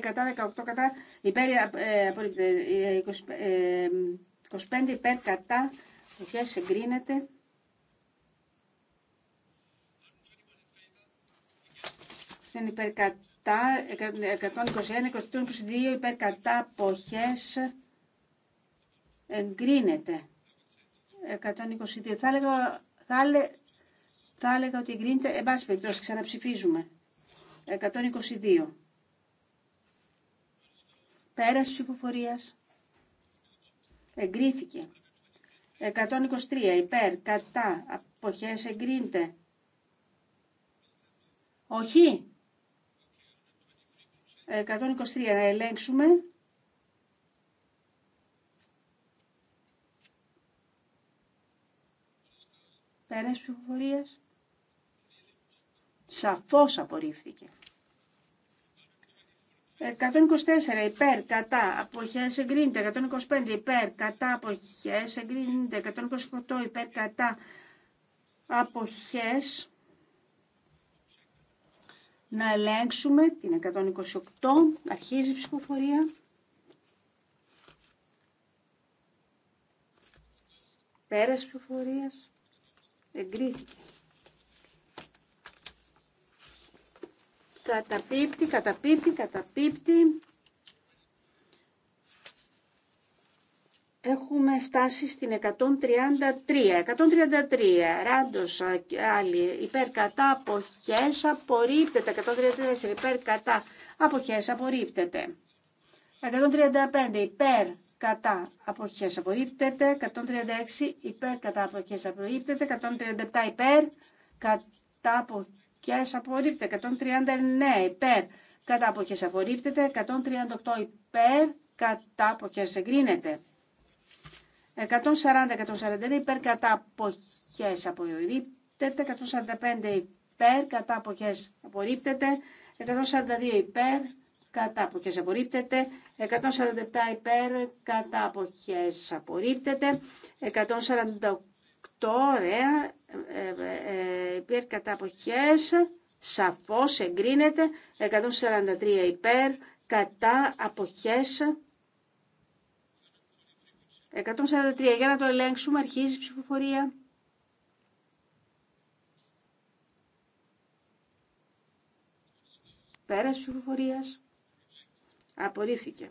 κατά, 18 κατά, υπέρ, ε, 25 ε, υπέρ κατά, ποιες εγκρίνεται. Δεν υπέρ κατά, 121, 22, υπέρ κατά, ποχές εγκρίνεται. 122. Θα έλεγα, θα, έλεγα, θα έλεγα ότι εγκρίνεται, εν πάση περιπτώσει, ξαναψηφίζουμε. 122. Πέρας ψηφοφορία. Εγκρίθηκε. 123. Υπέρ. Κατά. Αποχές εγκρίνεται. Όχι. 123. Να ελέγξουμε. Πέρας ψηφοφορίας. Σαφώς απορρίφθηκε. 124 υπέρ κατά αποχές εγκρίνεται, 125 υπέρ κατά αποχές εγκρίνεται, 128 υπέρ κατά αποχές. Να ελέγξουμε την 128, αρχίζει η ψηφοφορία. πέρα ψηφοφορία. εγκρίθηκε. καταπίπτει, καταπίπτει, καταπίπτει. Έχουμε φτάσει στην 133. 133. Ράντος, άλλοι, υπέρ κατά αποχές απορρίπτεται. 134 υπέρ κατά αποχές απορρίπτεται. 135 υπέρ κατά αποχές απορρίπτεται. 136 υπέρ κατά αποχές απορρίπτεται. 137 υπέρ κατά αποχές και απορρίπτεται. 139 υπέρ κατά αποχές απορρίπτεται. 138 υπέρ κατά αποχές εγκρίνεται. 140-141 υπέρ κατά αποχές απορρίπτεται. 145 υπέρ κατά αποχές απορρίπτεται. 142 υπέρ κατά αποχές απορρίπτεται, 147 υπέρ κατά αποχές απορρίπτεται, 148 Τώρα ε, ε, ε, υπέρ κατά αποχές σαφώς εγκρίνεται 143 υπέρ κατά αποχές 143 για να το ελέγξουμε αρχίζει η ψηφοφορία πέρας ψηφοφορίας απορρίφθηκε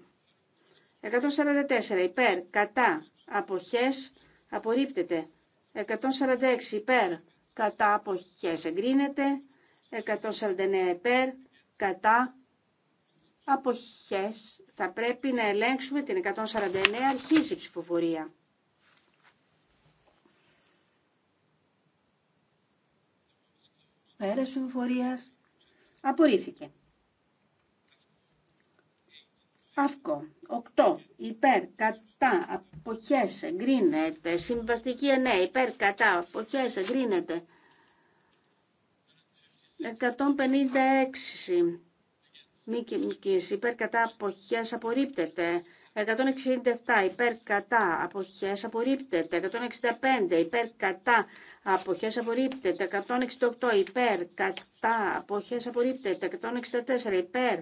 144 υπέρ κατά αποχές απορρίπτεται 146 υπέρ κατά αποχές εγκρίνεται. 149 υπέρ κατά αποχές. Θα πρέπει να ελέγξουμε την 149 αρχίζει η ψηφοφορία. Πέρας ψηφοφορίας απορρίθηκε. Αύκο 8 υπέρ κατά Κατά, αποχές, εγκρίνεται. Συμβαστική 9, υπέρ, κατά, αποχές, εγκρίνεται. 156. Μίκης, υπέρ κατά αποχές απορρίπτεται. 167 υπέρ κατά αποχές απορρίπτεται. 165 υπέρ κατά αποχές απορρίπτεται. 168 υπέρ κατά αποχές απορρίπτεται. 164 υπέρ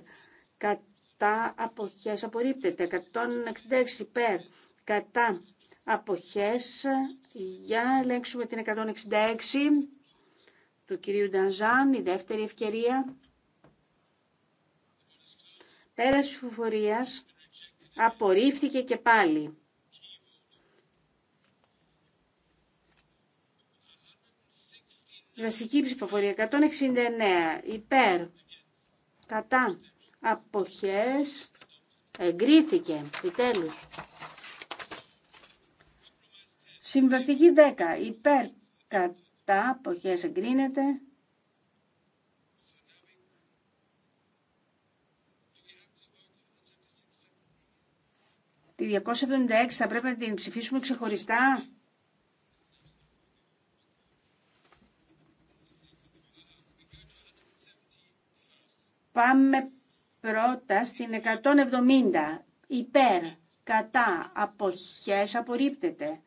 κατά κατά αποχές απορρίπτεται 166 υπέρ κατά αποχές για να ελέγξουμε την 166 του κυρίου Νταζάν η δεύτερη ευκαιρία πέρας ψηφοφορίας απορρίφθηκε και πάλι Βασική ψηφοφορία 169 υπέρ κατά αποχές εγκρίθηκε επιτέλους. Συμβαστική 10 υπέρ κατά αποχές εγκρίνεται. Τη 276 θα πρέπει να την ψηφίσουμε ξεχωριστά. Πάμε Πρώτα στην 170 υπέρ κατά αποχές απορρίπτεται.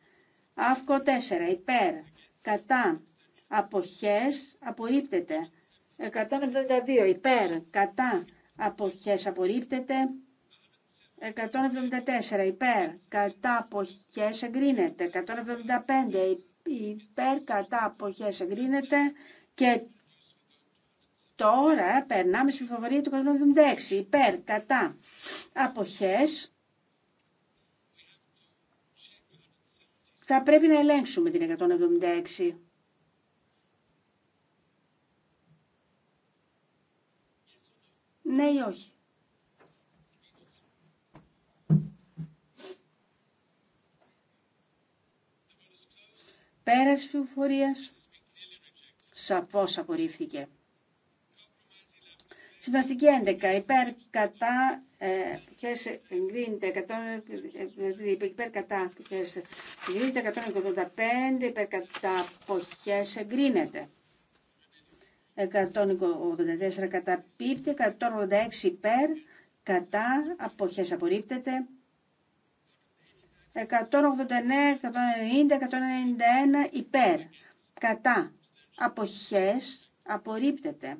Αύκο 4 υπέρ κατά αποχές απορρίπτεται. 172 υπέρ κατά αποχές απορρίπτεται. 174 υπέρ κατά αποχές εγκρίνεται. 175 υπέρ κατά αποχές εγκρίνεται. Και Τώρα περνάμε στην ψηφοφορία του 176. Υπέρ, κατά, αποχές. Θα πρέπει να ελέγξουμε την 176. Ναι ή όχι. Πέρας πληροφορία Σαφώς απορρίφθηκε. Συμβαστική 11. Υπέρ κατά ε, ποιες εγκρίνεται 100, ε, ε, υπέρ κατά ποιες εγκρίνεται 185 υπέρ κατά ποιες εγκρίνεται 184 κατά πίπτη 186 υπέρ κατά αποχές απορρίπτεται 189, 190, 191 υπέρ κατά αποχές απορρίπτεται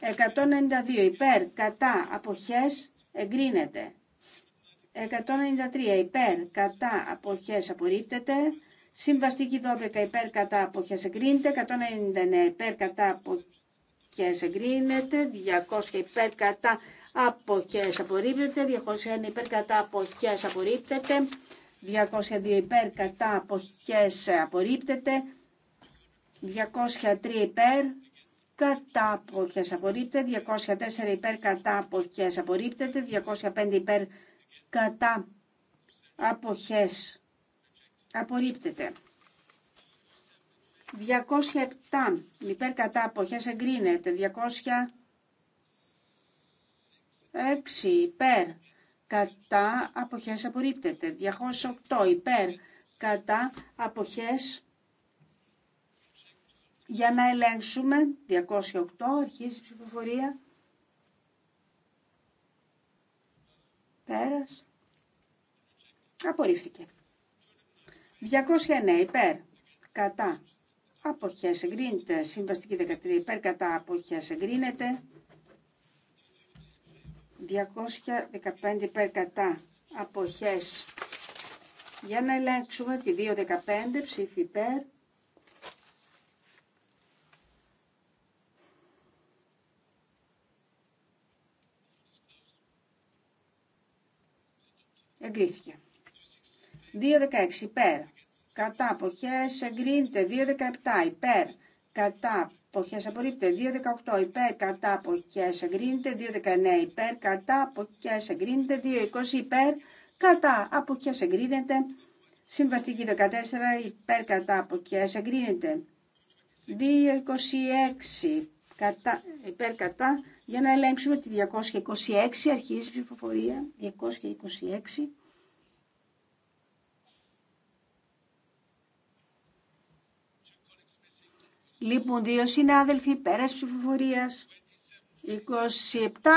192 υπέρ, κατά, αποχές, εγκρίνεται. 193 υπέρ, κατά, αποχές, απορρίπτεται. Συμβαστική 12 υπέρ, κατά, αποχές, εγκρίνεται. 199 υπέρ, κατά, αποχές, εγκρίνεται. 200 υπέρ, κατά, αποχές, απορρίπτεται. 201 υπέρ, κατά, αποχές, απορρίπτεται. 202 υπέρ, κατά, αποχές, απορρίπτεται. 203 υπέρ, κατά αποχές απορρίπτεται, 204 υπέρ κατά αποχές απορρίπτεται, 205 υπέρ κατά αποχές απορρίπτεται. 207 υπέρ κατά αποχές εγκρίνεται, 206 υπέρ κατά αποχές απορρίπτεται, 208 υπέρ κατά αποχές για να ελέγξουμε, 208, αρχίζει η ψηφοφορία. Πέρας. Απορρίφθηκε. 209 υπέρ. Κατά. Αποχές εγκρίνεται. Συμβαστική 13 υπέρ. Κατά. Αποχές εγκρίνεται. 215 υπέρ. Κατά. Αποχές. Για να ελέγξουμε τη 215 ψήφι υπέρ. 2, 2.16 υπέρ. Κατά ποχέ εγκρίνεται. 2.17 υπέρ. Κατά ποχέ απορρίπτεται. 2.18 υπέρ. Κατά ποχέ εγκρίνεται. 2.19 υπέρ. Κατά ποχέ εγκρίνεται. 2.20 υπέρ. Κατά αποχές εγκρίνεται. Συμβαστική 14 υπέρ. Κατά ποχέ εγκρίνεται. 2.26 κατά, υπέρ κατά για να ελέγξουμε τη 226 αρχίζει η ψηφοφορία 226 Λείπουν λοιπόν, δύο συνάδελφοι πέρας ψηφοφορίας. 27, 27.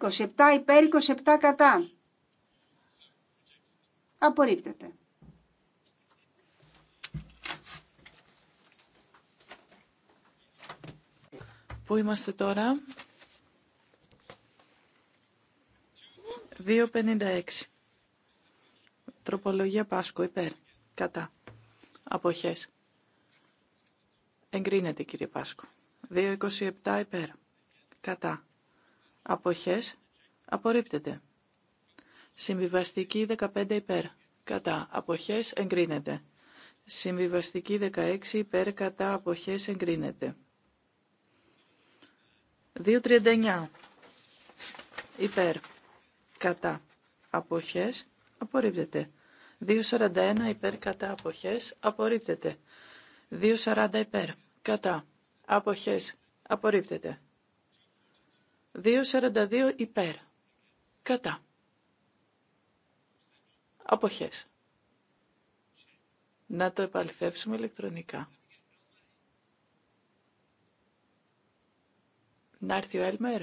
27 υπέρ, 27 κατά. Απορρίπτεται. Πού είμαστε τώρα? 2.56. Τροπολογία Πάσκο, υπέρ. Κατά. Αποχές. Εγκρίνεται κύριε Πάσκο. 2.27 υπέρ. Κατά. Αποχές. Απορρίπτεται. Συμβιβαστική 15 υπέρ. Κατά. Αποχές. Εγκρίνεται. Συμβιβαστική 16 υπέρ. Κατά. Αποχές. Εγκρίνεται. 2.39 υπέρ. Κατά. Αποχές. Απορρίπτεται. 2.41 υπέρ κατά αποχές απορρίπτεται. 2.40 υπέρ κατά αποχές απορρίπτεται. 2.42 υπέρ κατά αποχές. Να το επαληθεύσουμε ηλεκτρονικά. Να έρθει ο Έλμερ.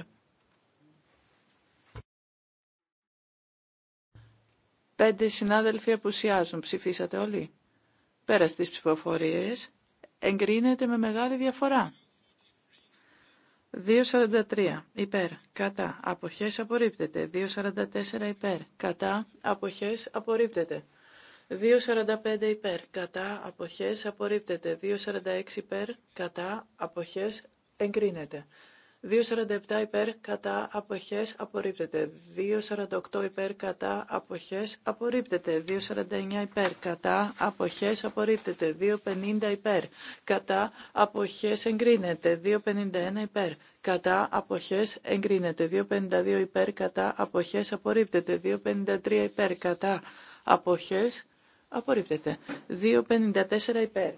Πέντε συνάδελφοι απουσιάζουν. Ψηφίσατε όλοι. Πέρα στις ψηφοφορίες εγκρίνεται με μεγάλη διαφορά. 2.43 υπέρ, κατά, αποχές απορρίπτεται. 2.44 υπέρ, κατά, αποχές απορρίπτεται. 2.45 υπέρ, κατά, αποχές απορρίπτεται. 2.46 υπέρ, κατά, αποχές εγκρίνεται. 2,47 υπέρ κατά αποχές απορρίπτεται. 2,48 υπέρ κατά αποχές απορρίπτεται. 2,49 υπέρ κατά αποχές απορρίπτεται. 2,50 υπέρ κατά αποχές εγκρίνεται. 2,51 υπέρ κατά αποχές εγκρίνεται. 2,52 υπέρ κατά αποχές απορρίπτεται. 2,53 υπέρ κατά αποχές απορρίπτεται. 2,54 υπέρ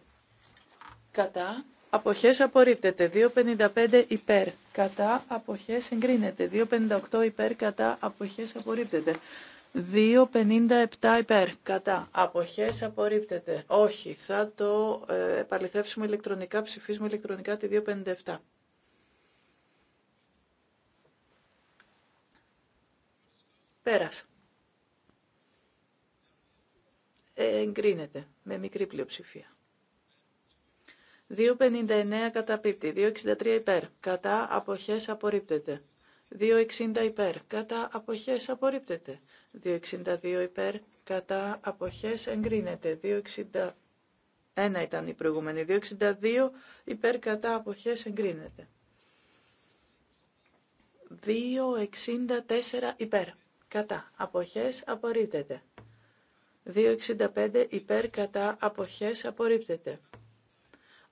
κατά αποχές απορρίπτεται. 2.55 υπέρ κατά αποχές εγκρίνεται. 2.58 υπέρ κατά αποχές απορρίπτεται. 2.57 υπέρ κατά αποχές απορρίπτεται. Όχι, θα το ε, επαληθεύσουμε ηλεκτρονικά, ψηφίσουμε ηλεκτρονικά τη 2.57. Πέρασα. Ε, εγκρίνεται με μικρή πλειοψηφία. 2,59 καταπίπτει. 2,63 υπέρ. Κατά αποχές απορρίπτεται. 2,60 υπέρ. Κατά αποχές απορρίπτεται. 2,62 υπέρ. Κατά αποχές εγκρίνεται. 2,61 ήταν η προηγούμενη. 2,62 υπέρ. Κατά αποχές εγκρίνεται. 2,64 υπέρ. Κατά αποχές απορρίπτεται. 2,65 υπέρ. Κατά αποχές απορρίπτεται.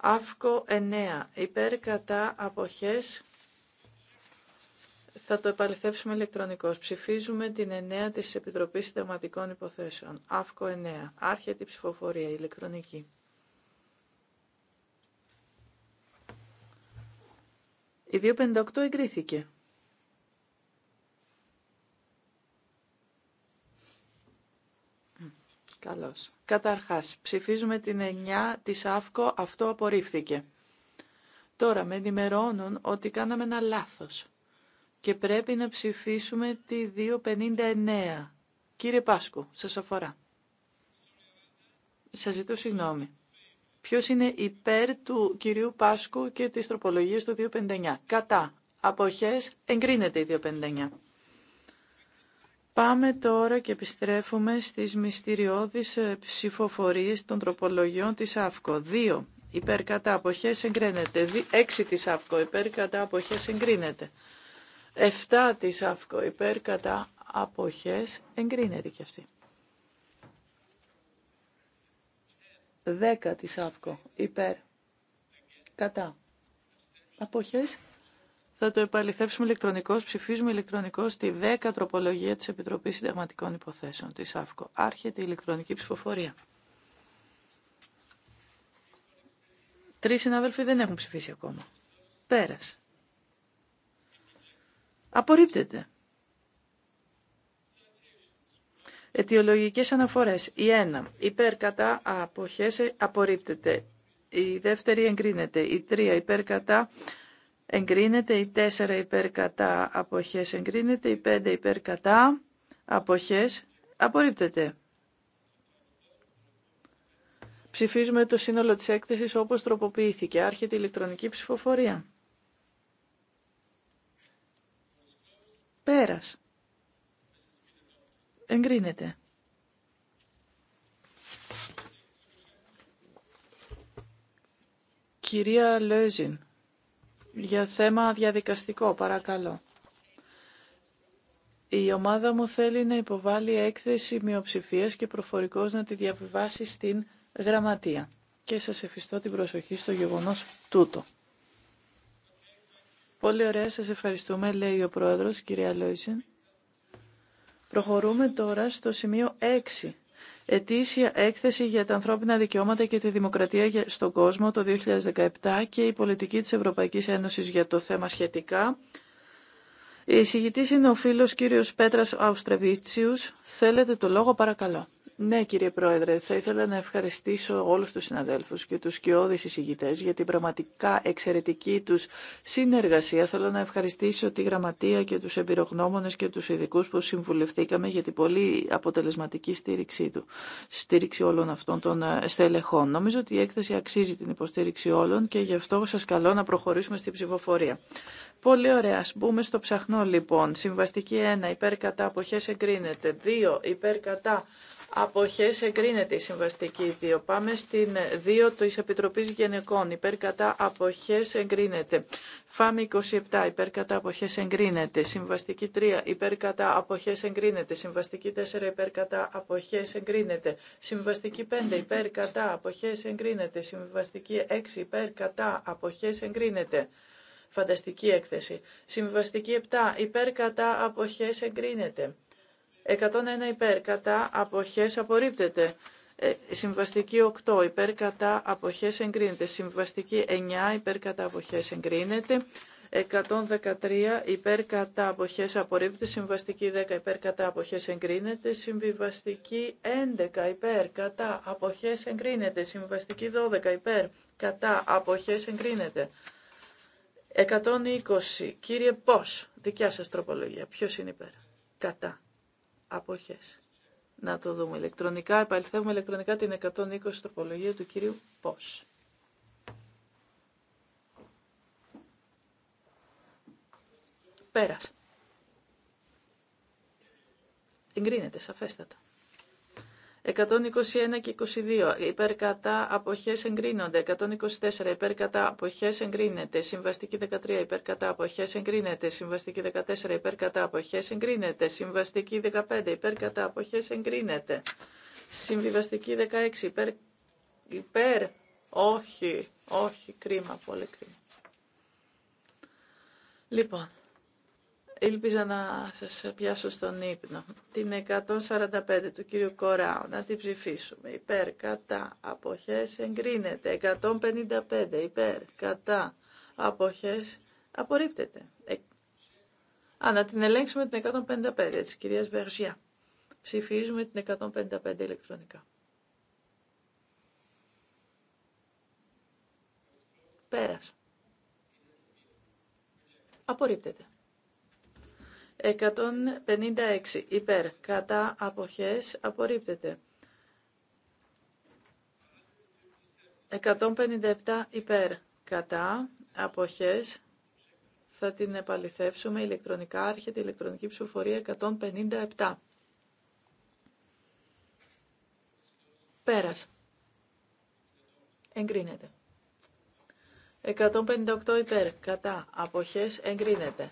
Αύκο 9. Υπέρ κατά αποχές θα το επαληθεύσουμε ηλεκτρονικώς. Ψηφίζουμε την 9 της Επιτροπής Θεματικών Υποθέσεων. Αύκο 9. Άρχεται η ψηφοφορία ηλεκτρονική. Η 258 εγκρίθηκε. Καλώς. Καταρχάς, ψηφίζουμε την 9 της ΑΦΚΟ, αυτό απορρίφθηκε. Τώρα με ενημερώνουν ότι κάναμε ένα λάθος και πρέπει να ψηφίσουμε τη 259. Κύριε Πάσκου, σας αφορά. Σας ζητώ συγγνώμη. Ποιος είναι υπέρ του κυρίου Πάσκου και της τροπολογίας του 259. Κατά. Αποχές εγκρίνεται η 259. Πάμε τώρα και επιστρέφουμε στις μυστηριώδεις ε, ψηφοφορίες των τροπολογιών της ΑΦΚΟ. 2. Υπέρ κατά αποχές εγκρίνεται. 6 της ΑΦΚΟ. Υπερκατά αποχές εγκρίνεται. 7 της ΑΦΚΟ. Υπερκατά κατά αποχές εγκρίνεται και αυτή. 10 της ΑΦΚΟ. Υπέρ κατά αποχές θα το επαληθεύσουμε ηλεκτρονικώ. Ψηφίζουμε ηλεκτρονικώ τη 10 τροπολογία της Επιτροπής Συνταγματικών Υποθέσεων τη ΑΦΚΟ. Άρχεται η ηλεκτρονική ψηφοφορία. Τρει συνάδελφοι δεν έχουν ψηφίσει ακόμα. Πέρασε. Απορρίπτεται. Αιτιολογικές αναφορές. Η ένα, Υπέρ κατά αποχές απορρίπτεται. Η δεύτερη εγκρίνεται. Η τρία Υπέρ κατά εγκρίνεται, η 4 υπέρ κατά αποχές εγκρίνεται, η 5 υπέρ κατά αποχές απορρίπτεται. Ψηφίζουμε το σύνολο της έκθεσης όπως τροποποιήθηκε. Άρχεται η ηλεκτρονική ψηφοφορία. Πέρας. Εγκρίνεται. Κυρία Λέζιν για θέμα διαδικαστικό, παρακαλώ. Η ομάδα μου θέλει να υποβάλει έκθεση μειοψηφία και προφορικός να τη διαβιβάσει στην γραμματεία. Και σας ευχηστώ την προσοχή στο γεγονός τούτο. Πολύ ωραία, σας ευχαριστούμε, λέει ο Πρόεδρος, κυρία Λόισεν. Προχωρούμε τώρα στο σημείο 6 ετήσια έκθεση για τα ανθρώπινα δικαιώματα και τη δημοκρατία στον κόσμο το 2017 και η πολιτική της Ευρωπαϊκής Ένωσης για το θέμα σχετικά. Η εισηγητής είναι ο φίλος κύριος Πέτρας Αουστρεβίτσιους. Θέλετε το λόγο παρακαλώ. Ναι, κύριε Πρόεδρε, θα ήθελα να ευχαριστήσω όλους τους συναδέλφους και τους κοιόδης εισηγητές για την πραγματικά εξαιρετική τους συνεργασία. Θέλω να ευχαριστήσω τη Γραμματεία και τους εμπειρογνώμονες και τους ειδικούς που συμβουλευτήκαμε για την πολύ αποτελεσματική στήριξή του, στήριξη όλων αυτών των ε, στελεχών. Νομίζω ότι η έκθεση αξίζει την υποστήριξη όλων και γι' αυτό σας καλώ να προχωρήσουμε στην ψηφοφορία. Πολύ ωραία. Ας μπούμε στο ψαχνό λοιπόν. Συμβαστική 1 υπέρ κατά αποχές εγκρίνεται. 2 υπέρ κατά Αποχέ εγκρίνεται η συμβαστική 2. Πάμε στην 2 τη επιτροπή Γενικών. Υπέρ κατά αποχές εγκρίνεται. Φάμε 27. υπέρκατα κατά αποχές εγκρίνεται. Συμβαστική 3. υπέρκατα, κατά αποχές εγκρίνεται. Συμβαστική 4. Υπέρ κατά αποχές εγκρίνεται. Συμβαστική 5. υπέρκατα, κατά αποχές εγκρίνεται. Συμβαστική 6. υπέρκατα, κατά αποχές εγκρίνεται. Φανταστική έκθεση. Συμβαστική 7. Υπέρ κατά αποχές εγκρίνεται. 101 ε, υπέρ κατά αποχές απορρίπτεται. Συμβαστική 8 υπέρ κατά αποχές εγκρίνεται. Συμβαστική 9 υπέρ κατά αποχές εγκρίνεται. 113 υπέρ κατά αποχές απορρίπτεται. Συμβαστική 10 υπέρ κατά αποχές εγκρίνεται. Συμβιβαστική 11 υπέρ κατά αποχές εγκρίνεται. Συμβαστική 12 υπέρ κατά αποχές εγκρίνεται. 120. Κύριε Πώς, δικιά σας τροπολογία. Ποιος είναι υπέρ. Κατά αποχές. Να το δούμε ηλεκτρονικά. Επαληθεύουμε ηλεκτρονικά την 120 τροπολογία του κύριου Πώς. Πέρασε. Εγκρίνεται σαφέστατα. 121 και 22 υπέρ κατά αποχές εγκρίνονται. 124 υπέρ κατά αποχές εγκρίνεται. Συμβαστική 13 υπέρ κατά αποχές εγκρίνεται. Συμβαστική 14 υπέρ κατά αποχές εγκρίνεται. Συμβαστική 15 υπέρ κατά αποχές εγκρίνεται. Συμβιβαστική 16 υπέρ, υπέρ, όχι, όχι, κρίμα, πολύ κρίμα. Λοιπόν, Ελπίζω να σας πιάσω στον ύπνο. Την 145 του κύριου Κοράου, να την ψηφίσουμε. Υπέρ, κατά, αποχές, εγκρίνεται. 155, υπέρ, κατά, αποχές, απορρίπτεται. Ε... Α, να την ελέγξουμε την 155, της κυρίας Βεργιά. Ψηφίζουμε την 155 ηλεκτρονικά. Πέρασε. Απορρίπτεται. 156 υπέρ κατά αποχές απορρίπτεται. 157 υπέρ κατά αποχές θα την επαληθεύσουμε ηλεκτρονικά άρχεται ηλεκτρονική ψηφοφορία 157. Πέρας. Εγκρίνεται. 158 υπέρ κατά αποχές εγκρίνεται.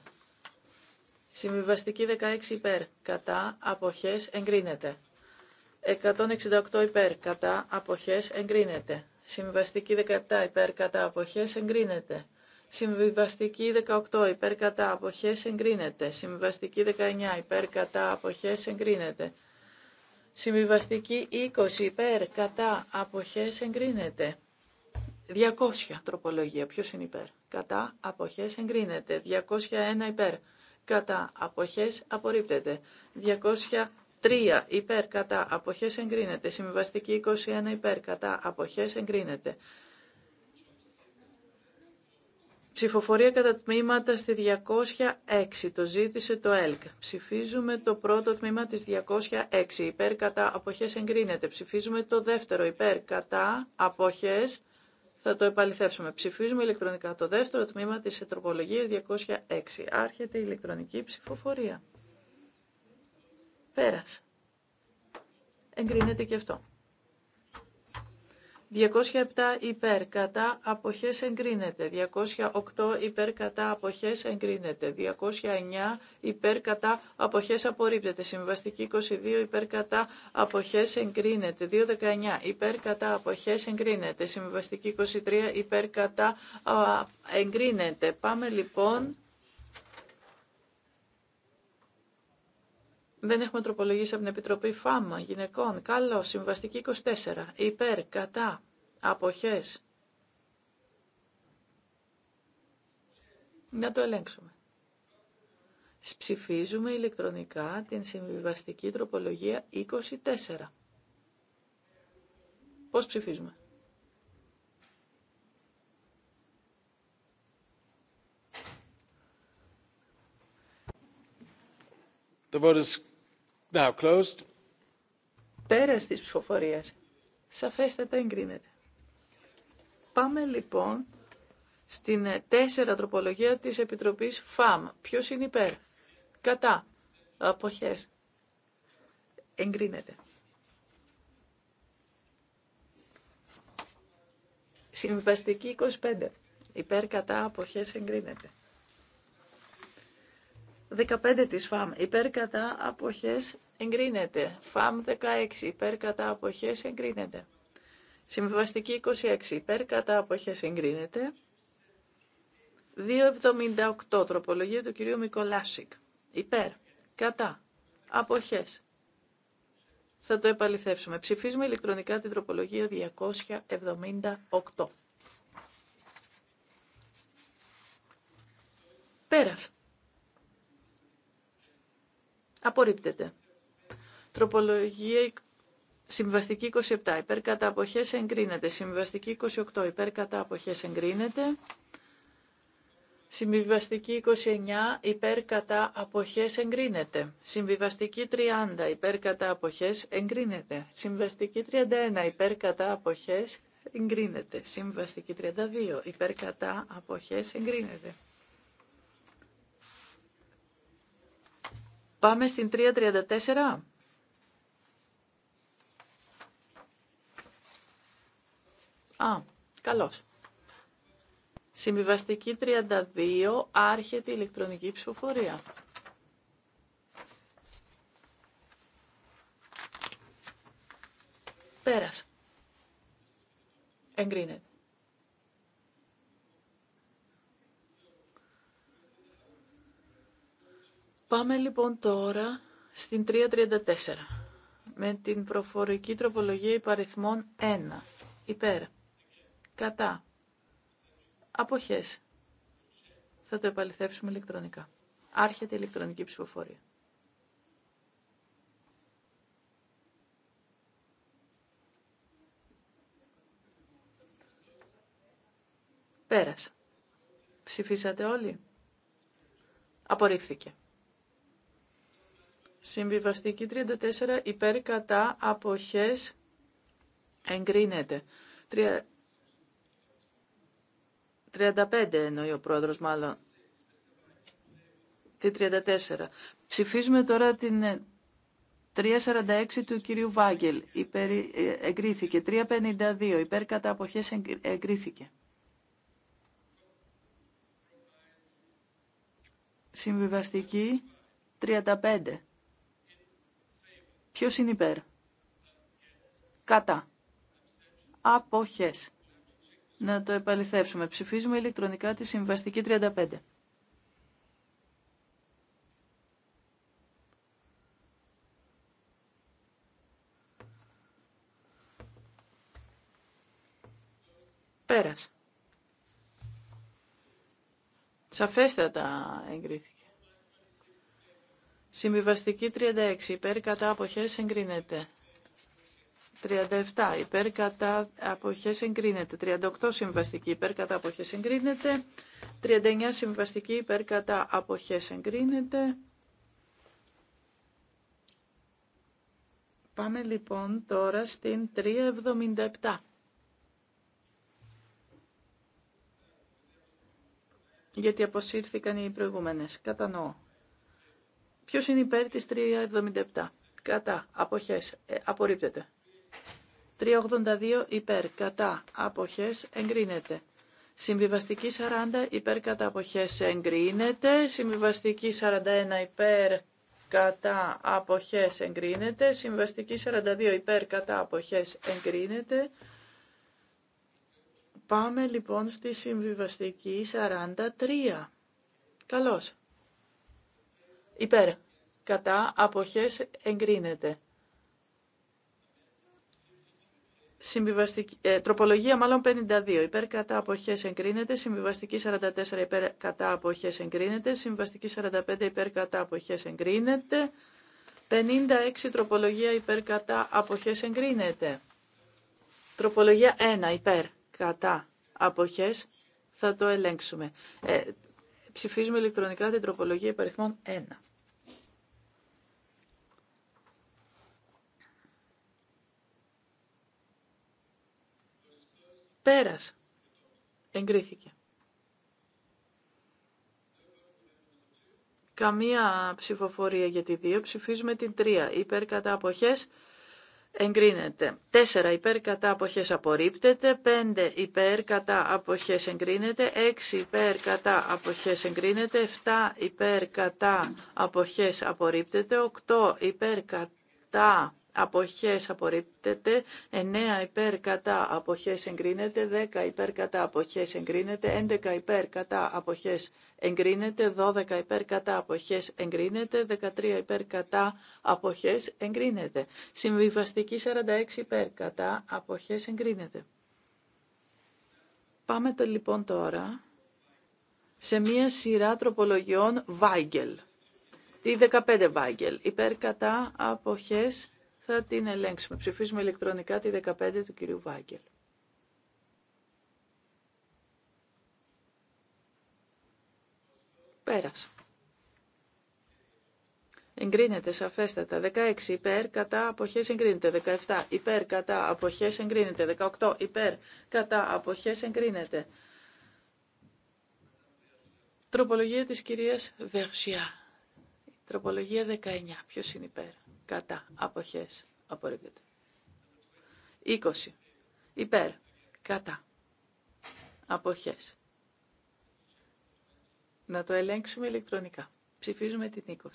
Συμβιβαστική 16 υπέρ. Κατά αποχές εγκρίνεται. 168 υπέρ. Κατά αποχές εγκρίνεται. Συμβιβαστική 17 υπέρ. Κατά αποχές εγκρίνεται. Συμβιβαστική 18 υπέρ κατά αποχές εγκρίνεται. Συμβιβαστική 19 υπέρ κατά αποχές εγκρίνεται. Συμβιβαστική 20 υπέρ κατά αποχές εγκρίνεται. 200 τροπολογία. Ποιος είναι υπέρ. Κατά αποχές εγκρίνεται. 201 υπέρ κατά αποχές απορρίπτεται. 203 υπέρ κατά αποχές εγκρίνεται. Συμβαστική 21 υπέρ κατά αποχές εγκρίνεται. Ψηφοφορία κατά τμήματα στη 206. Το ζήτησε το ΕΛΚ. Ψηφίζουμε το πρώτο τμήμα της 206. Υπέρ κατά αποχές εγκρίνεται. Ψηφίζουμε το δεύτερο υπέρ κατά αποχές θα το επαληθεύσουμε. Ψηφίζουμε ηλεκτρονικά το δεύτερο τμήμα της Ετροπολογίας 206. Άρχεται η ηλεκτρονική ψηφοφορία. Πέρασε. Εγκρίνεται και αυτό. 207 υπέρ κατά αποχές εγκρίνεται. 208 υπέρ κατά αποχές εγκρίνεται. 209 υπέρ κατά αποχές απορρίπτεται. Συμβαστική 22 υπέρ κατά αποχές εγκρίνεται. 219 υπέρ κατά αποχές εγκρίνεται. Συμβαστική 23 υπέρ κατά εγκρίνεται. Πάμε λοιπόν Δεν έχουμε τροπολογήσει από την Επιτροπή ΦΑΜΑ, γυναικών. Καλό, συμβαστική 24. Υπέρ, κατά, αποχές. Να το ελέγξουμε. Ψηφίζουμε ηλεκτρονικά την συμβιβαστική τροπολογία 24. Πώς ψηφίζουμε. The vote Now closed. Πέρας της ψηφοφορίας. Σαφέστατα εγκρίνεται. Πάμε λοιπόν στην ε, τέσσερα τροπολογία της Επιτροπής ΦΑΜ. Ποιος είναι υπέρ. Κατά. Αποχές. Εγκρίνεται. Συμβαστική 25. Υπέρ κατά αποχές εγκρίνεται. 15 της ΦΑΜ υπέρ κατά αποχές εγκρίνεται. ΦΑΜ 16 υπέρ κατά αποχές εγκρίνεται. Συμβαστική 26 υπέρ κατά αποχές εγκρίνεται. 278 τροπολογία του κυρίου Μικολάσικ. Υπέρ κατά αποχές. Θα το επαληθεύσουμε. Ψηφίζουμε ηλεκτρονικά την τροπολογία 278. Πέρασε. Απορρίπτεται. Τροπολογία συμβαστική 27 υπέρ κατά αποχές εγκρίνεται. Συμβαστική 28 υπέρ κατά αποχές εγκρίνεται. Συμβιβαστική 29 υπέρ κατά αποχές εγκρίνεται. Συμβιβαστική 30 υπέρ κατά αποχές εγκρίνεται. Συμβαστική 31 υπέρ κατά αποχές εγκρίνεται. Συμβαστική 32 υπέρ κατά αποχές εγκρίνεται. Πάμε στην 334. Α, καλώς. Συμβιβαστική 32, άρχεται η ηλεκτρονική ψηφοφορία. Πέρασε. Εγκρίνεται. Πάμε λοιπόν τώρα στην 334 με την προφορική τροπολογία υπαριθμών 1. Υπέρ. Κατά. Αποχές. Θα το επαληθεύσουμε ηλεκτρονικά. Άρχεται η ηλεκτρονική ψηφοφορία. Πέρασα. Ψηφίσατε όλοι. Απορρίφθηκε. Συμβιβαστική 34 υπέρ κατά αποχές εγκρίνεται. 35 εννοεί ο πρόεδρος μάλλον. Τη 34. Ψηφίζουμε τώρα την 346 ε, του κυρίου Βάγκελ. Υπέρ, ε, εγκρίθηκε. 352 υπέρ κατά αποχές εγκρίθηκε. Συμβιβαστική 35 Ποιος είναι υπέρ. Κατά. Αποχές. Να το επαληθεύσουμε. Ψηφίζουμε ηλεκτρονικά τη συμβαστική 35. Πέρασε. Σαφέστατα εγκρίθηκε. Συμβιβαστική 36 υπέρ κατά αποχές εγκρίνεται. 37 υπέρ κατά αποχές εγκρίνεται. 38 συμβαστική υπέρ κατά αποχές εγκρίνεται. 39 συμβαστική υπέρ κατά αποχές εγκρίνεται. Πάμε λοιπόν τώρα στην 377. Γιατί αποσύρθηκαν οι προηγούμενες. Κατανοώ. Ποιος είναι υπέρ τη 377. Κατά. Αποχές. Ε, απορρίπτεται. 382 υπέρ. Κατά. Αποχές. Εγκρίνεται. Συμβιβαστική 40 υπέρ κατά αποχές εγκρίνεται. Συμβιβαστική 41 υπέρ κατά αποχές εγκρίνεται. συμβιβαστική 42 υπέρ κατά αποχές εγκρίνεται. Πάμε λοιπόν στη συμβιβαστική 43. Καλώς. Υπέρ. Κατά αποχές εγκρίνεται. Συμβιβαστική, ε, τροπολογία μάλλον 52. Υπέρ κατά αποχές εγκρίνεται. Συμβιβαστική 44 υπέρ κατά αποχές εγκρίνεται. Συμβιβαστική 45 υπέρ κατά αποχές εγκρίνεται. 56 τροπολογία υπέρ κατά αποχές εγκρίνεται. Τροπολογία 1 υπέρ κατά αποχές θα το ελέγξουμε. Ε, ψηφίζουμε ηλεκτρονικά την τροπολογία υπαριθμών 1. Πέρας. Εγκρίθηκε. Καμία ψηφοφορία για τη 2. Ψηφίζουμε την 3. Υπέρ κατά αποχές εγκρίνεται. 4 υπέρ κατά αποχές απορρίπτεται, 5 υπέρ κατά αποχές εγκρίνεται, 6 υπέρ κατά αποχές εγκρίνεται, 7 υπέρ κατά αποχές απορρίπτεται, 8 υπέρ κατά αποχές απορρίπτεται, 9 υπέρ κατά αποχές εγκρίνεται, 10 υπέρ κατά αποχές εγκρίνεται, 11 υπέρ κατά αποχές εγκρίνεται, 12 υπέρ κατά αποχές εγκρίνεται, 13 υπέρ κατά αποχές εγκρίνεται. Συμβιβαστική 46 υπέρ κατά αποχές εγκρίνεται. Πάμε λοιπόν τώρα σε μία σειρά τροπολογιών Weigel. Τι 15 Weigel. Υπέρ κατά αποχές θα την ελέγξουμε. Ψηφίζουμε ηλεκτρονικά τη 15 του κυρίου Βάγκελ. Πέρασε. Εγκρίνεται σαφέστατα. 16 υπέρ κατά αποχέ, εγκρίνεται. 17 υπέρ κατά αποχέ, εγκρίνεται. 18 υπέρ κατά αποχέ, εγκρίνεται. Τροπολογία της κυρίας Βερσιά. Τροπολογία 19. Ποιος είναι υπέρ κατά αποχές απορρίπτεται. 20 υπέρ κατά αποχές. Να το ελέγξουμε ηλεκτρονικά. Ψηφίζουμε την 20.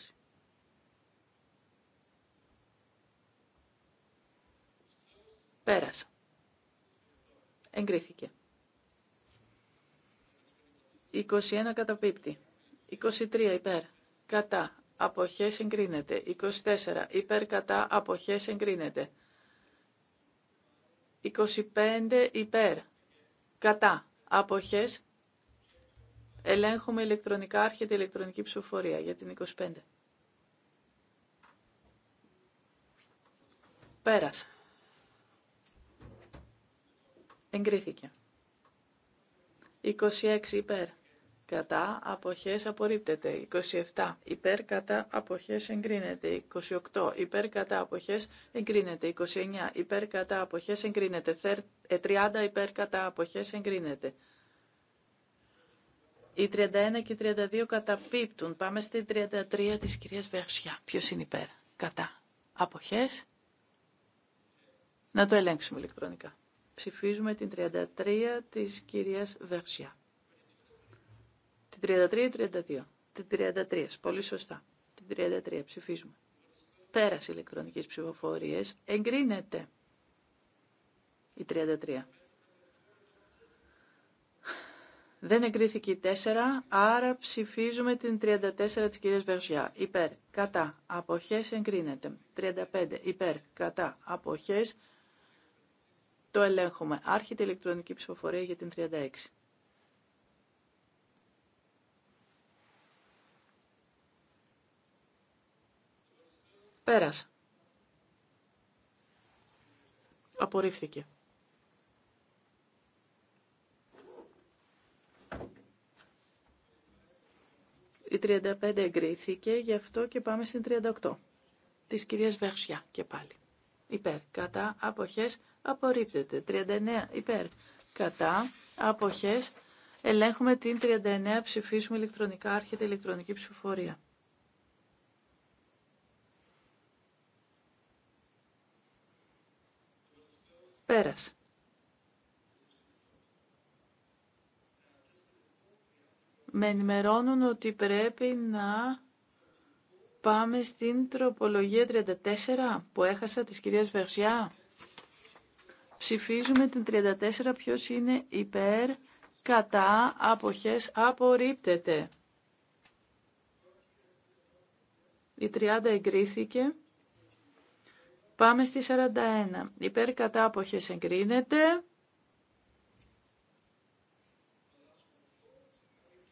Πέρασα. Εγκρίθηκε. 21 καταπίπτει. 23 υπέρ. Κατά αποχές εγκρίνεται. 24 υπέρ κατά αποχές εγκρίνεται. 25 υπέρ κατά αποχές ελέγχουμε ηλεκτρονικά άρχεται ηλεκτρονική ψηφοφορία για την 25. Πέρασε. Εγκρίθηκε. 26 υπέρ κατά αποχές απορρίπτεται. 27. Υπέρ κατά αποχές εγκρίνεται. 28. Υπέρ κατά αποχές εγκρίνεται. 29. Υπέρ κατά αποχές εγκρίνεται. 30. Ε, υπέρ κατά αποχές εγκρίνεται. Οι 31 και 32 καταπίπτουν. Πάμε στη 33 της κυρίας βεχσιά. Ποιος είναι υπέρ. Κατά. Αποχές. Να το ελέγξουμε ηλεκτρονικά. Ψηφίζουμε την 33 της κυρίας Βεχσιά. 33 ή 32. Την 33, πολύ σωστά. Την 33 ψηφίζουμε. Πέρασε ηλεκτρονικής ψηφοφορίας εγκρίνεται η 33. Δεν εγκρίθηκε η 4, άρα ψηφίζουμε την 34 της κυρίας Βεωσιά. Υπέρ, κατά, αποχές εγκρίνεται. 35, υπέρ, κατά, αποχές. Το ελέγχουμε. Άρχεται ηλεκτρονική ψηφοφορία για την 36. Πέρασε. Απορρίφθηκε. Η 35 εγκρίθηκε, γι' αυτό και πάμε στην 38. Της κυρίας βεχσιά και πάλι. Υπέρ. Κατά αποχές απορρίπτεται. 39 υπέρ. Κατά αποχές ελέγχουμε την 39 ψηφίσουμε ηλεκτρονικά. Άρχεται ηλεκτρονική ψηφοφορία. Πέρας. Με ενημερώνουν ότι πρέπει να πάμε στην τροπολογία 34 που έχασα της κυρίας Βερσιά. Ψηφίζουμε την 34 ποιος είναι υπέρ, κατά, αποχές, απορρίπτεται. Η 30 εγκρίθηκε. Πάμε στη 41. Υπέρ κατάποχες εγκρίνεται.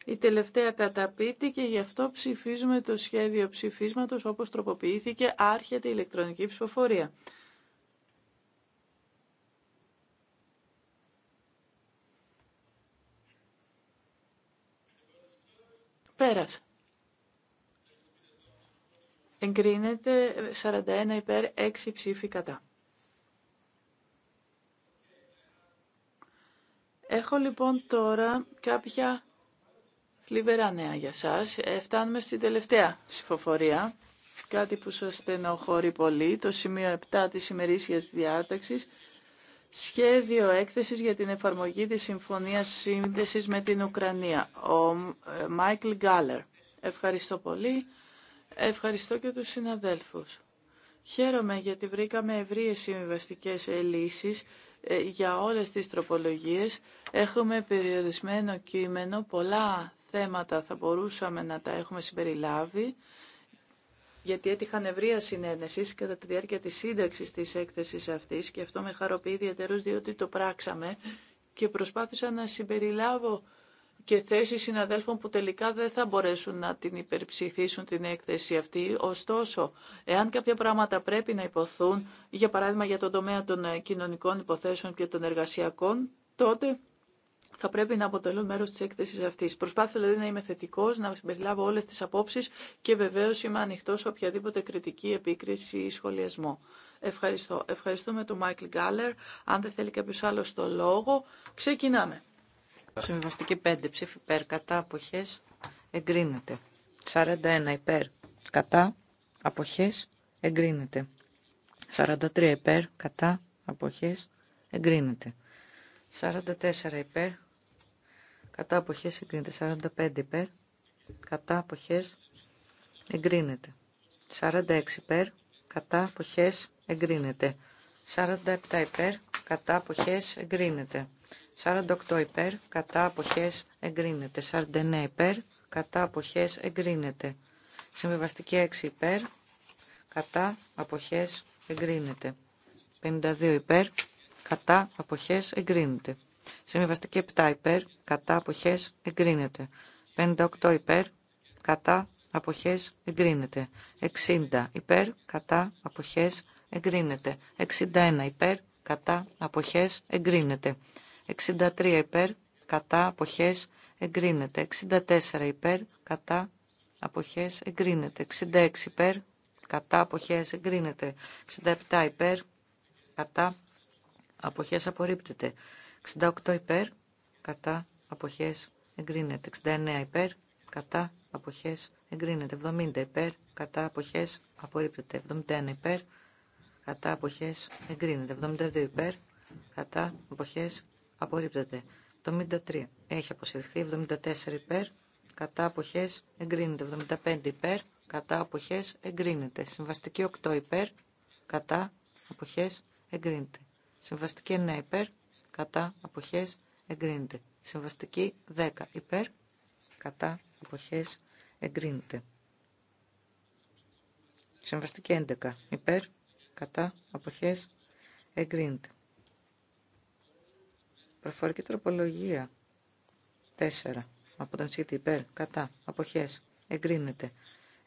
Η τελευταία καταπίπτει και γι' αυτό ψηφίζουμε το σχέδιο ψηφίσματος όπως τροποποιήθηκε άρχεται η ηλεκτρονική ψηφοφορία. Πέρασε. Εγκρίνεται 41 ε, υπέρ 6 ψήφοι κατά. Έχω λοιπόν τώρα κάποια θλιβερά νέα για σας. Ε, φτάνουμε στην τελευταία ψηφοφορία. Κάτι που σας στενοχωρεί πολύ. Το σημείο 7 της ημερήσιας διάταξης. Σχέδιο έκθεσης για την εφαρμογή της Συμφωνίας Σύνδεσης με την Ουκρανία. Ο ε, Μάικλ Γκάλερ. Ευχαριστώ πολύ. Ευχαριστώ και τους συναδέλφους. Χαίρομαι γιατί βρήκαμε ευρείες συμβιβαστικέ ε, λύσεις ε, για όλες τις τροπολογίες. Έχουμε περιορισμένο κείμενο, πολλά θέματα θα μπορούσαμε να τα έχουμε συμπεριλάβει γιατί έτυχαν ευρεία συνένεση κατά τη διάρκεια τη σύνταξη τη έκθεση αυτή και αυτό με χαροποιεί ιδιαίτερω διότι το πράξαμε και προσπάθησα να συμπεριλάβω και θέσει συναδέλφων που τελικά δεν θα μπορέσουν να την υπερψηφίσουν την έκθεση αυτή. Ωστόσο, εάν κάποια πράγματα πρέπει να υποθούν, για παράδειγμα για τον τομέα των ε, κοινωνικών υποθέσεων και των εργασιακών, τότε θα πρέπει να αποτελούν μέρο τη έκθεση αυτή. Προσπάθησα δηλαδή να είμαι θετικό, να συμπεριλάβω όλε τι απόψει και βεβαίω είμαι ανοιχτό σε οποιαδήποτε κριτική, επίκριση ή σχολιασμό. Ευχαριστώ. Ευχαριστούμε τον Μάικλ Γκάλερ. Αν δεν θέλει κάποιο άλλο το λόγο, ξεκινάμε. Συμβαστική 5 ψήφι υπέρ κατά αποχές εγκρίνεται. 41 υπέρ κατά αποχές εγκρίνεται. 43 υπέρ κατά αποχές εγκρίνεται. 44 υπέρ κατά αποχές εγκρίνεται. 45 υπέρ κατά αποχές εγκρίνεται. 46 υπέρ κατά αποχές εγκρίνεται. 47 υπέρ κατά αποχές εγκρίνεται. 48 υπέρ, κατά αποχές εγκρίνεται. 49 υπέρ, κατά αποχές εγκρίνεται. Συμβιβαστική 6 υπέρ, κατά αποχές εγκρίνεται. 52 υπέρ, κατά αποχές εγκρίνεται. Συμβιβαστική 7 υπέρ, κατά αποχές εγκρίνεται. 58 υπέρ, κατά αποχές εγκρίνεται. 60 υπέρ, κατά αποχές εγκρίνεται. 61 υπέρ, κατά αποχές εγκρίνεται. 63 υπέρ, κατά, αποχές, εγκρίνεται. 64 υπέρ, κατά, αποχές, εγκρίνεται. 66 υπέρ, κατά, αποχές, εγκρίνεται. 67 υπέρ, κατά, αποχές, απορρίπτεται. 68 υπέρ, κατά, αποχές, εγκρίνεται. 69 υπέρ, κατά, αποχές, εγκρίνεται. 70 υπέρ, κατά, αποχές, απορρίπτεται. 71 υπέρ, κατά, αποχές, εγκρίνεται. 72 υπέρ, κατά, αποχές, απορρίπτεται. 73 έχει αποσυρθεί. 74 υπέρ, κατά αποχέ εγκρίνεται. 75 υπέρ, κατά αποχέ εγκρίνεται. Συμβαστική 8 υπέρ, κατά αποχέ εγκρίνεται. Συμβαστική 9 υπέρ, κατά απόχέ, εγκρίνεται. Συμβαστική 10 υπέρ, κατά αποχέ εγκρίνεται. Συμβαστική 11 υπέρ, κατά αποχέ, εγκρίνεται. Προφορική τροπολογία 4 από τον Τσίτη υπέρ, κατά, αποχές, εγκρίνεται.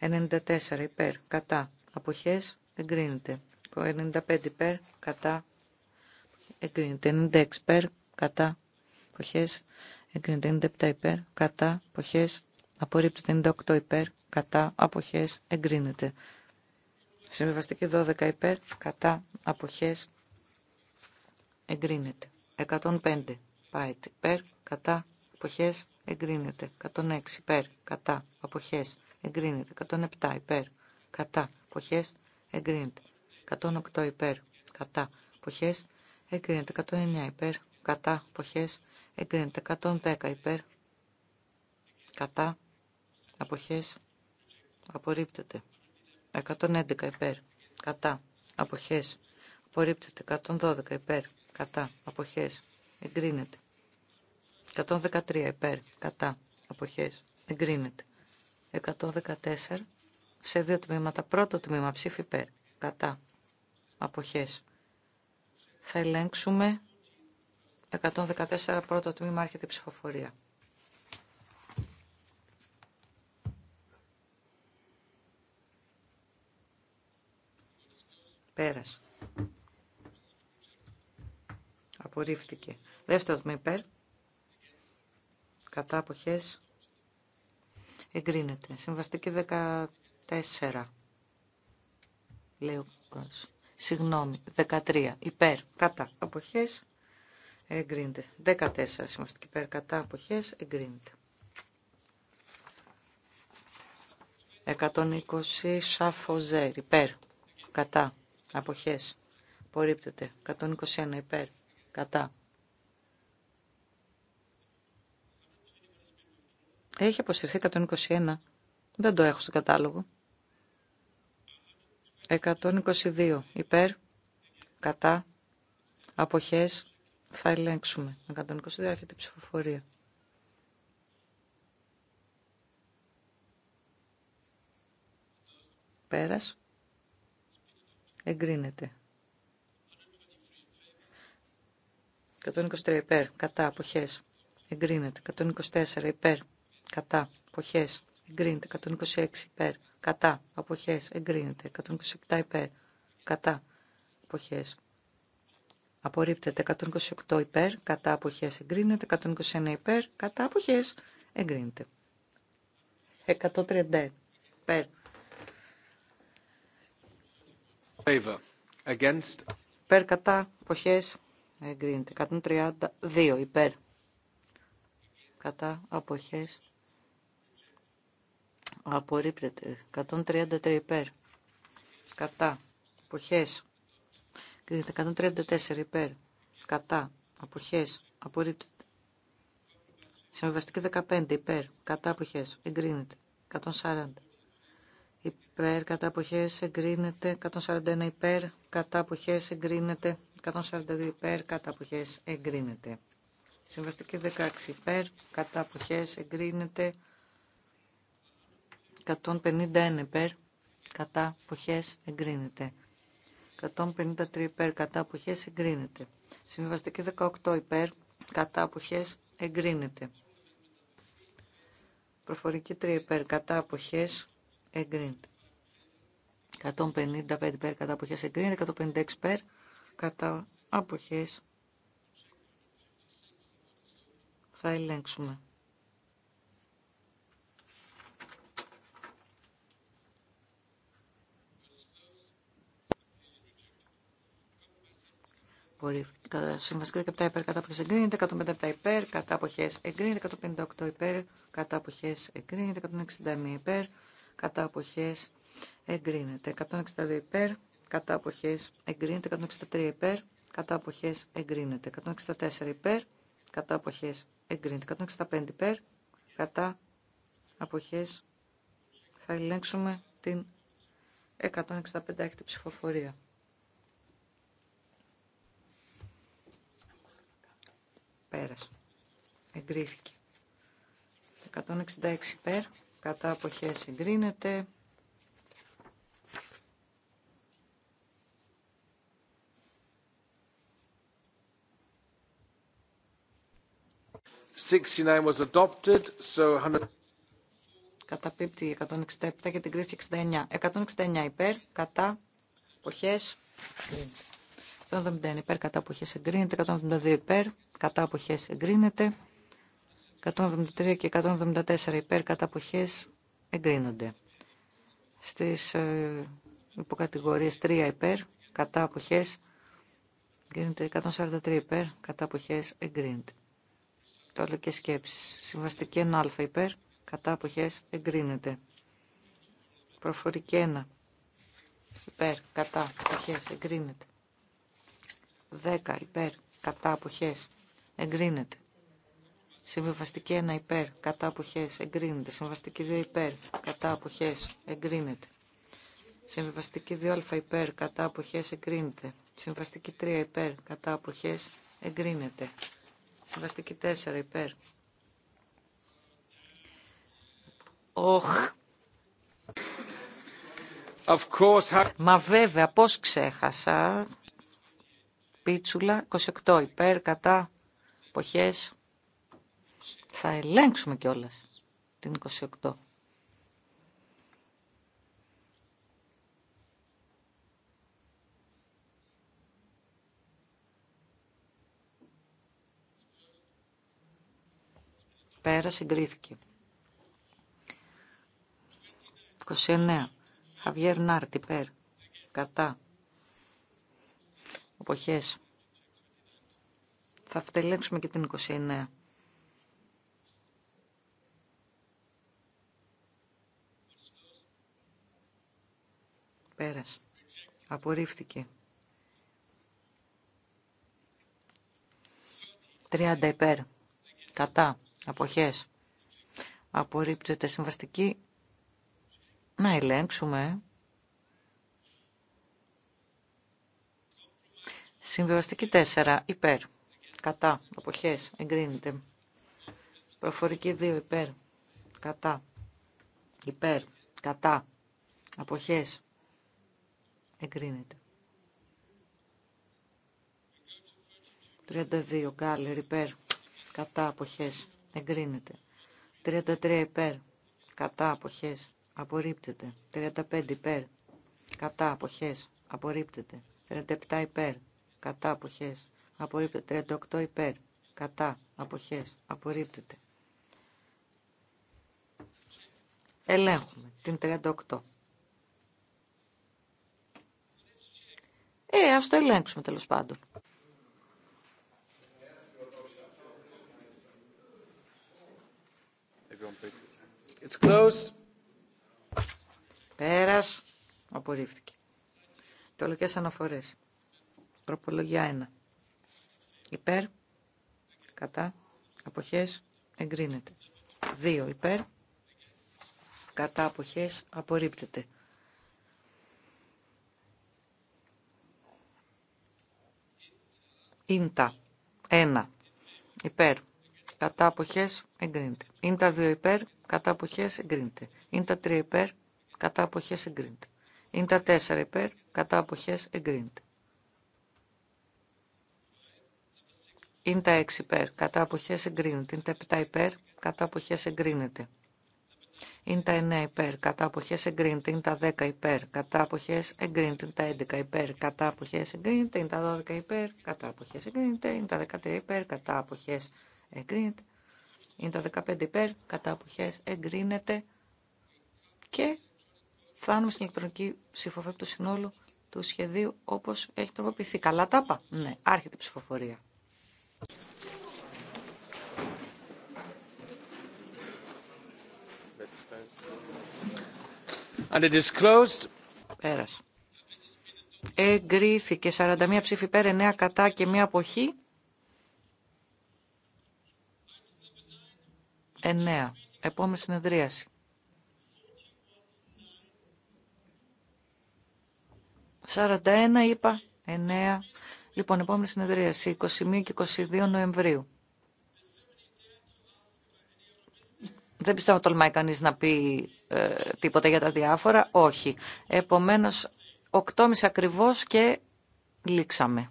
94 υπέρ, κατά, αποχές, εγκρίνεται. 95 υπέρ, κατά, εγκρίνεται. 96 υπέρ, κατά, αποχές, εγκρίνεται. 97 υπέρ, κατά, αποχές, απορρίπτεται. 98 υπέρ, κατά, αποχές, εγκρίνεται. Συμβιβαστική 12 υπέρ, κατά, αποχές, εγκρίνεται. 105 πάει υπέρ κατά εποχέ, εγκρίνεται 106 υπέρ κατά αποχές εγκρίνεται 107 υπέρ κατά αποχές εγκρίνεται 108 υπέρ κατά αποχές εγκρίνεται 109 υπέρ κατά αποχές εγκρίνεται 110 υπέρ κατά εποχέ. απορρίπτεται 111 υπέρ κατά αποχές απορρίπτεται 112 υπέρ κατά αποχές εγκρίνεται. 113 υπέρ κατά αποχές εγκρίνεται. 114 σε δύο τμήματα. Πρώτο τμήμα ψήφι υπέρ κατά αποχές. Θα ελέγξουμε 114 πρώτο τμήμα άρχεται η ψηφοφορία. Πέρασε απορρίφθηκε. Δεύτερο τμήμα υπέρ, κατά αποχές, εγκρίνεται. Συμβαστική 14, Λέω. Συγγνώμη, 13, υπέρ, κατά αποχές, εγκρίνεται. 14, συμβαστική υπέρ, κατά αποχές, εγκρίνεται. 120 σαφοζέρ, υπέρ, κατά, αποχές, απορρίπτεται. 121 υπέρ, Κατά. Έχει αποσυρθεί 121. Δεν το έχω στο κατάλογο. 122. Υπέρ. Κατά. Αποχές. Θα ελέγξουμε. 122 έρχεται η ψηφοφορία. Πέρας. Εγκρίνεται. 123 υπέρ, κατά, αποχές, εγκρίνεται. 124 υπέρ, κατά, αποχές, εγκρίνεται. 126 υπέρ, κατά, αποχές, εγκρίνεται. 127 υπέρ, κατά, αποχές. Απορρίπτεται 128 υπέρ, κατά αποχές εγκρίνεται, 129 υπέρ, κατά αποχές εγκρίνεται. 130 υπέρ. Favor. Against. κατά εγκρίνεται. 132 υπέρ κατά αποχές απορρίπτεται. 133 υπέρ κατά αποχές εγκρίνεται. 134 υπέρ κατά αποχές απορρίπτεται. Συμβαστική 15 υπέρ κατά αποχές εγκρίνεται. 140 υπέρ κατά αποχές εγκρίνεται. 141 υπέρ κατά αποχές εγκρίνεται. 142 υπέρ κατά αποχές εγκρίνεται. Συμβαστική 16 υπέρ κατά αποχές εγκρίνεται. 151 υπέρ κατά αποχές εγκρίνεται. 153 υπέρ κατά αποχές εγκρίνεται. Συμβαστική 18 υπέρ κατά αποχές εγκρίνεται. Προφορική 3 υπέρ κατά αποχές εγκρίνεται. 155 υπέρ κατά αποχές εγκρίνεται. 156 υπέρ κατά αποχές θα ελέγξουμε. Συμβαστική 17 υπέρ κατά αποχές εγκρίνεται, 157 υπέρ κατά αποχές εγκρίνεται, 158 υπέρ κατά αποχές εγκρίνεται, 161 υπέρ κατά αποχές εγκρίνεται, 162 υπέρ κατά αποχές εγκρίνεται 163 υπέρ, κατά αποχές εγκρίνεται 164 υπέρ, κατά αποχές εγκρίνεται 165 υπέρ, κατά αποχές θα ελέγξουμε την 165 έκτη ψηφοφορία. Πέρασε. Εγκρίθηκε. 166 υπέρ, κατά αποχές εγκρίνεται. 69 was adopted, so 167 για την κρίση 69. 169 υπέρ, κατά, αποχές, εγκρίνεται. 171 υπέρ, κατά, αποχές, εγκρίνεται. 172 υπέρ, κατά, αποχές, εγκρίνεται. 173 και 174 υπέρ, κατά, αποχές, εγκρίνονται. Στις ε, υποκατηγορίες 3 υπέρ, κατά, αποχές, εγκρίνεται. 143 υπέρ, κατά, αποχές, εγκρίνεται το και 1α υπέρ. Κατά αποχέ εγκρίνεται. Προφορική ένα αλφα Κατά αποχέ εγκρίνεται. 10 αποχές Κατά αποχέ εγκρίνεται. Συμβαστική ένα υπερ κατα αποχές εγκρινεται δέκα υπερ κατα αποχές εγκρινεται συμβαστικη ένα υπερ κατα αποχές εγκρινεται συμβαστικη δύο υπέρ. αποχές αποχέ εγκρίνεται. δύο 2α υπέρ. Κατά αποχές εγκρίνεται. Συμβαστική 3 υπέρ. Κατά αποχές εγκρίνεται. Συμβαστική 4 υπέρ. Οχ. Of course. Μα βέβαια, πώς ξέχασα. Πίτσουλα, 28 υπέρ, κατά, εποχές. Θα ελέγξουμε κιόλας την 28. Πέρα συγκρίθηκε. 29. Χαβιέρ Νάρτι, πέρ. Κατά. Οποχές. Θα φτελέξουμε και την 29. Πέρας. Απορρίφθηκε. 30 υπέρ. Κατά. Αποχές. Απορρίπτεται συμβαστική. Να ελέγξουμε. Συμβιβαστική 4. Υπέρ. Κατά. Αποχές. Εγκρίνεται. Προφορική 2. Υπέρ. Κατά. Υπέρ. Κατά. Αποχές. Εγκρίνεται. 32. Γκάλερ. Υπέρ. Κατά. Αποχές εγκρίνεται. 33 υπέρ, κατά αποχές, απορρίπτεται. 35 υπέρ, κατά αποχές, απορρίπτεται. 37 υπέρ, κατά αποχές, απορρίπτεται. 38 υπέρ, κατά αποχές, απορρίπτεται. Ελέγχουμε την 38. Ε, ας το ελέγξουμε τέλος πάντων. It's Πέρας. Απορρίφθηκε. Τολογικές αναφορές. Τροπολογία 1. Υπέρ. Κατά. Αποχές. Εγκρίνεται. 2. Υπέρ. Κατά αποχές. Απορρίπτεται. Ίντα. 1. Υπέρ. Κατά αποχές εγκρίνεται. Ίντα 2 υπέρ κατά αποχές εγκρίνεται. Είναι τα τρία υπέρ, κατά αποχές εγκρίνεται. Είναι τα τέσσερα υπέρ, κατά αποχές εγκρίνεται. Είναι τα 6 υπέρ, κατά αποχές εγκρίνεται. Είναι τα 7 υπέρ, κατά αποχές εγκρίνεται. Είναι τα 9 υπέρ, κατά αποχές εγκρίνεται. Είναι τα 10 υπέρ, κατά αποχές εγκρίνεται. Είναι τα 11 υπέρ, κατά αποχές εγκρίνεται. Είναι τα 12 υπέρ, κατά αποχές εγκρίνεται. Είναι τα 13 υπέρ, κατά αποχές εγκρίνεται. Είναι τα 15 υπέρ, κατά αποχές εγκρίνεται και φτάνουμε στην ηλεκτρονική ψηφοφορία του συνόλου του σχεδίου όπως έχει τροποποιηθεί. Καλά είπα. Ναι, άρχεται η ψηφοφορία. And it is closed. Πέρασε. Εγκρίθηκε 41 ψήφοι πέρα, 9 κατά και μία αποχή. 9. Επόμενη συνεδρίαση. ένα είπα, 9. Λοιπόν, επόμενη συνεδρίαση, 21 και 22 Νοεμβρίου. Δεν πιστεύω τολμάει κανείς να πει ε, τίποτα για τα διάφορα. Όχι. Επομένως, 8.30 ακριβώς και λήξαμε.